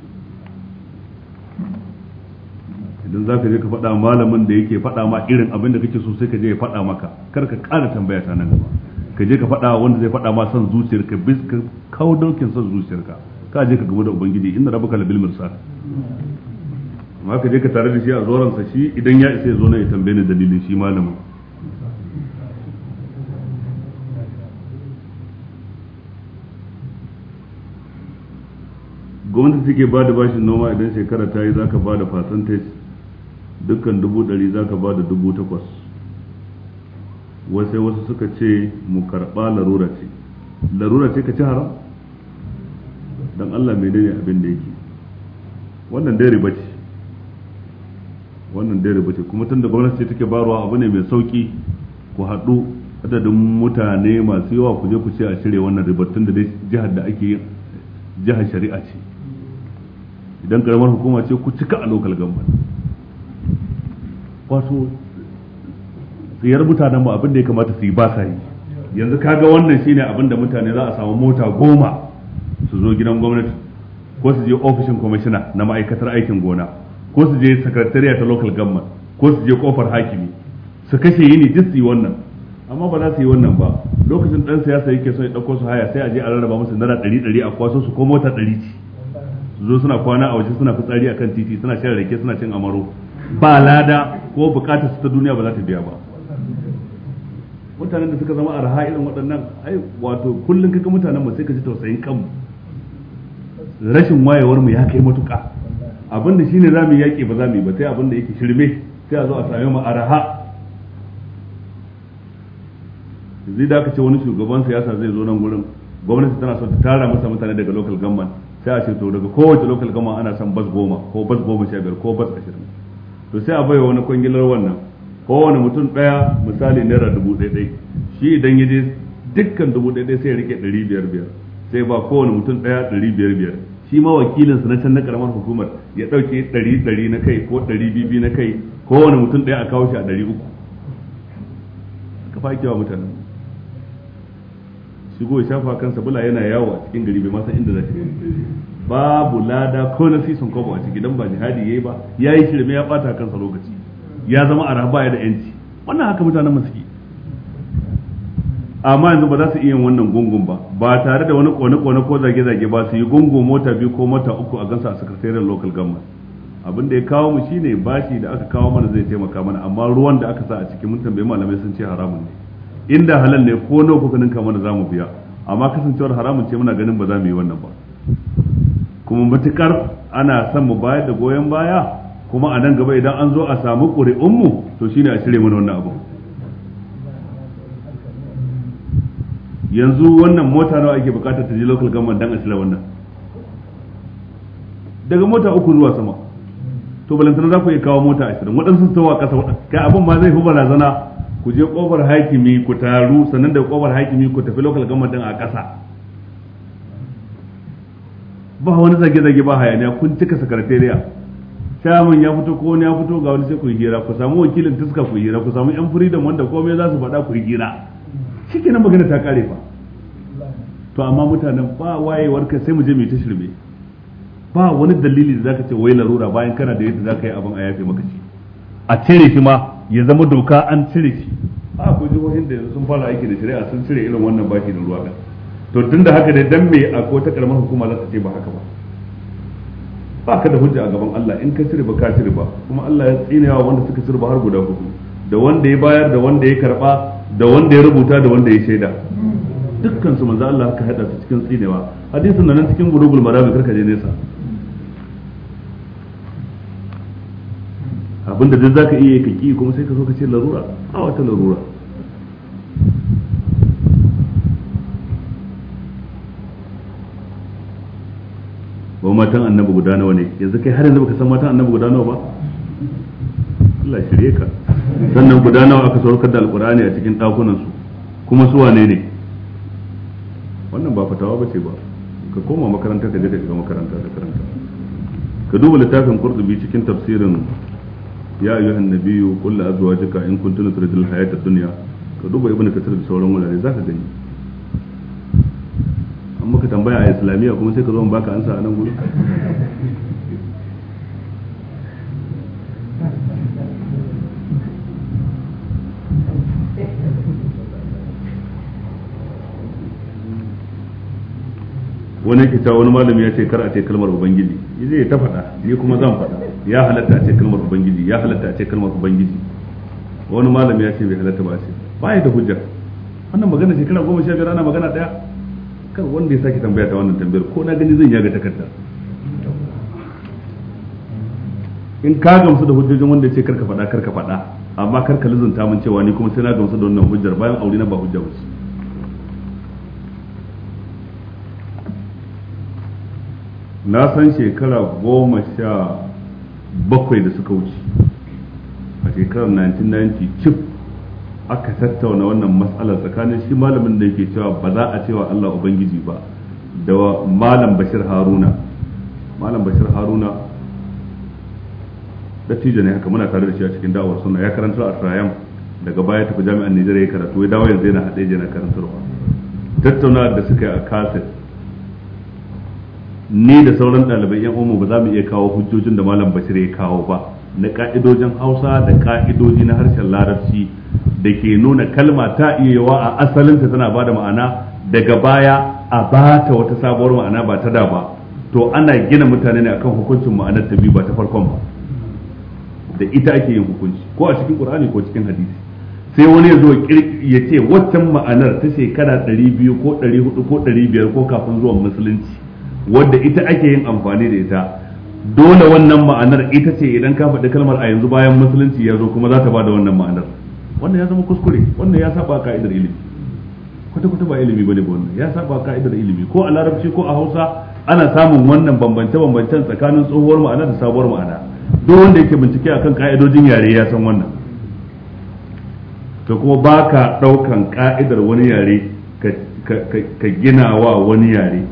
idan za ka je ka faɗa malamin da yake faɗa ma irin abin da kake so sai ka je ya faɗa maka kar ka ƙara tambaya ta nan gaba ka je ka faɗa wanda zai faɗa ma son zuciyarka bis ka kawo daukin son zuciyarka ka je ka gaba da ubangiji inna rabbaka labil mirsad amma ka je ka tare da shi a zoran sa shi idan ya isa ya zo na ya tambaye ni dalilin shi malamin gwamnati take ba da bashin noma idan shekara ta yi za ka ba da percentage dukkan dubu ɗari za ka ba da dubu takwas wasai wasu suka ce mu karɓa larura ce larura ce ka ci haram don allah menene abin da yake wannan dai riba ce wannan dai riba ce kuma tun da gwamnati take barwa abu ne mai sauki ku haɗu adadin mutane masu yawa ku je ku ce a shirya wannan ribar tun da dai jihar da ake jihar shari'a ce idan karamar hukuma ce ku cika a lokal gamban wato yar mutanen mu abin da ya kamata su yi ba sa yi yanzu ga wannan shine abin da mutane za a samu mota goma su zo gidan gwamnati ko su je ofishin kwamishina na ma'aikatar aikin gona ko su je sakatariya ta local government ko su je kofar hakimi su kashe yini duk su yi wannan amma ba za su yi wannan ba lokacin dan siyasa yake son ya dauko su haya sai a je a rarraba musu naira ɗari ɗari a kwaso su ko mota ɗari ci su zo suna kwana a waje suna fitsari akan titi suna shan rake suna cin amaro ba lada ko bukatar su ta duniya ba za ta biya ba mutanen da suka zama arha irin waɗannan ai wato kullum kaga mutanen mu sai ka ji tausayin kanmu rashin wayewar mu ya kai matuƙa abin da shine zamu yaƙi ba zamu ba sai abin da yake shirme sai a zo a same mu arha zai da aka ce wani shugaban siyasa zai zo nan gurin gwamnati tana so ta tara masa mutane daga local government sai a ce to daga kowace local government ana son bas goma ko bas goma sha biyar ko bas ashirin to sai a bai wani kwangilar wannan kowane mutum daya misali naira dubu ɗaya shi idan ya je dukkan dubu ɗaya sai ya rike ɗari biyar biyar sai ba kowane mutum daya ɗari biyar biyar shi ma wakilinsa na can na karamar hukumar ya ɗauke ɗari ɗari na kai ko ɗari bibi na kai kowane mutum daya a kawo shi a ɗari uku ka fa kewa mutanen shigo ya shafa kansa bula yana yawo a cikin gari bai ma san inda za shi babu lada ko nasisin kwabo a ciki dan ba jihadi yayi ba ya yi shirme ya bata kansa lokaci ya zama a rahaba ya da yanci wannan haka mutanen mu suke amma yanzu ba za su iya yin wannan gungun ba ba tare da wani kone-kone ko zage-zage ba su yi gungun mota biyu ko mota uku a gansa a sakataren local government abin da ya kawo mu shine bashi da aka kawo mana zai taimaka mana amma ruwan da aka sa a cikin mun tambayi malamai sun ce haramun ne inda halal ne ko nawa kuka ninka mana zamu biya amma kasancewar haramun ce muna ganin ba za mu yi wannan ba kuma matukar ana son mu bayar da goyon baya kuma a nan gaba idan an zo a samu ƙuri'unmu to shi ne a cire mana wannan abu yanzu wannan mota nawa ake bukatar ta je local government don a cire wannan daga mota uku zuwa sama to balantana za ku iya kawo mota ashirin waɗansu su tawa ƙasa kai abin ma zai fi barazana ku je ƙofar hakimi ku taru sannan da ƙofar hakimi ku tafi local government din a ƙasa ba wani zage-zage ba hayaniya kun cika sakatariya shaman ya fito ko wani ya fito ga wani sai ku hira ku samu wakilin tuska ku hira ku samu yan freedom wanda komai za su faɗa ku hira shike nan magana ta kare fa to amma mutanen ba wayewar ka sai mu je mu ta shirme ba wani dalili da zaka ce wai larura bayan kana da yadda zaka yi abin a yafe maka shi a cire shi ma ya zama doka an cire shi a ko jihohin da yanzu sun fara aiki da shari'a sun cire irin wannan baki da ruwa to tun da haka ne dan me a ko ta karamar hukuma za ta ce ba haka ba ba ka da hujja a gaban Allah in ka cire ba ka cire ba kuma Allah ya tsinewa wanda suka cire ba har guda hudu da wanda ya bayar da wanda ya karba da wanda ya rubuta da wanda ya shaida dukkan su manzo Allah ka hada su cikin tsinewa hadisin nan cikin bulugul marabi karka je nesa abinda duk zaka iya ka ki kuma sai ka zo ka ce larura a wata larura matan annabi guda nawa ne yanzu kai har yanzu baka san matan annabi guda nawa ba Allah shirye ka sannan guda nawa aka saukar da alkur'ani a cikin dakunan su kuma su wane ne wannan ba fatawa ba ce ba ka koma makaranta ka je ka shiga makaranta da karanta ka duba littafin qurtubi cikin tafsirin ya ayyuhan nabiyyu qul li azwajika in kuntum turidul hayata dunya ka duba ibnu kathir da sauran wurare zaka gani muka tambaya a islamiyya kuma sai ka zo baka ansa a nan gudu wani ke wani malami ya ce kar a ce kalmar ubangiji zai ta faɗa ni kuma zan faɗa ya halatta a ce kalmar ubangiji ya halatta a ce kalmar ubangiji wani malami ya ce bai halatta ba ce ba ya da hujja wannan magana shekara goma sha biyar ana magana ɗaya kan wanda ya sake tambaya ta wannan tambayar ko na gani zan yaga takarda in ka gamsu da hujjojin wanda ya ce karka faɗa karka faɗa amma karka lizanta min cewa ni kuma sai na gamsu da wannan hujjar bayan aure na ba hujja ba na san shekara goma sha bakwai da suka wuce a shekarar 1990 chip aka tattauna wannan matsalar tsakanin shi malamin da yake cewa ba za a cewa Allah ubangiji ba da malam Bashir Haruna malam Bashir Haruna dattijo ne haka muna tare da shi a cikin da'awar suna ya karanta a Trayam daga baya tafi jami'an Nijar ya karatu ya dawo yanzu yana haɗe na karantarwa tattauna da suka yi a kaset ni da sauran ɗalibai yan umu ba za mu iya kawo hujjojin da malam Bashir ya kawo ba na ka'idojin Hausa da ka'idoji na harshen Larabci da ke nuna kalma ta iya yawa a asalinta tana bada ma'ana daga baya a bata wata sabuwar ma'ana ba ta da ba to ana gina mutane ne akan hukuncin ma'anar ta biyu ba ta farkon ba da ita ake yin hukunci ko a cikin qur'ani ko cikin hadisi sai wani ya ya ce waccan ma'anar ta shekara 200 ko 400 ko 500 ko kafin zuwan musulunci wadda ita ake yin amfani da ita dole wannan ma'anar ita ce idan ka faɗi kalmar a yanzu bayan musulunci ya zo kuma za ta ba wannan ma'anar wannan ya zama kuskure wannan ya saba ka'idar ilimi kwata kwata ba ilimi bane ba wannan ya saba ka'idar ilimi ko a larabci ko a hausa ana samun wannan bambance bambancen tsakanin tsohuwar ma'ana da sabuwar ma'ana duk wanda yake bincike akan ka'idojin yare ya san wannan to kuma baka daukan ka'idar wani yare ka gina wa wani yare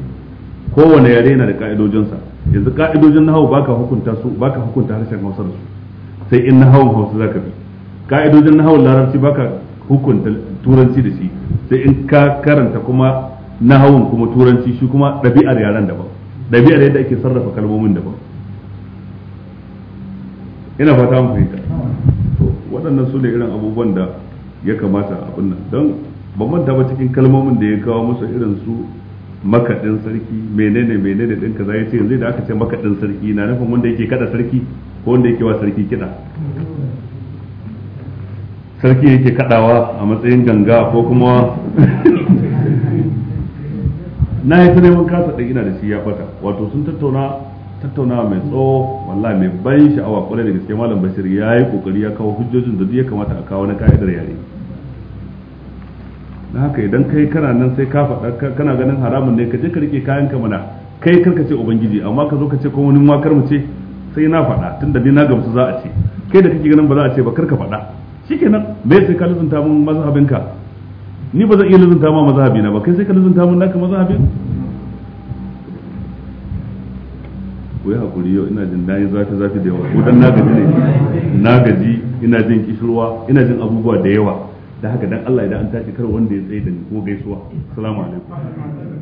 kowane yare yana da ka'idojinsa yanzu ka'idojin nahawu baka hukunta su baka hukunta harshen hausa da su sai in hau hausa zaka bi ka'idojin nahawar larabci baka hukunta turanci da shi sai in ka karanta kuma nahawun kuma turanci shi kuma ɗabi'ar yaren daban ɗabi'ar yadda ake sarrafa kalmomin daban ina fata mun fahimta to waɗannan su ne irin abubuwan da ya kamata a nan don ban manta ba cikin kalmomin da ya kawo musu irin su makaɗin sarki menene menene ɗin kaza ya ce yanzu da aka ce makaɗin sarki na nufin wanda yake kada sarki ko wanda yake wa sarki kiɗa sarki yake kadawa a matsayin ganga ko kuma na yi neman kasa ɗin ina da shi ya fata wato sun tattauna tattauna mai tsawo walla mai ban sha'awa kwarai da gaske malam bashir ya yi kokari ya kawo hujjojin da duk ya kamata a kawo na ka'idar yare na haka idan kai kana nan sai ka faɗa kana ganin haramun ne ka je ka rike kayan ka mana kai karka ce ubangiji amma ka zo ka ce ko wani ma mu ce sai na faɗa tunda ni na gamsu za a ce kai da kake ganin ba za a ce ba karka faɗa shikenan me sai ka lizunta mun mazhabin ka ni ba zan iya lizunta ma mazhabi na ba kai sai ka lizunta mun naka mazhabin koyi hakuri yau ina jin nayi zafi zafi da yawa ko dan na gaji ne na gaji ina jin kishirwa ina jin abubuwa da yawa da haka dan Allah idan an tashi kar wanda ya tsaye da ni ko gaisuwa assalamu alaikum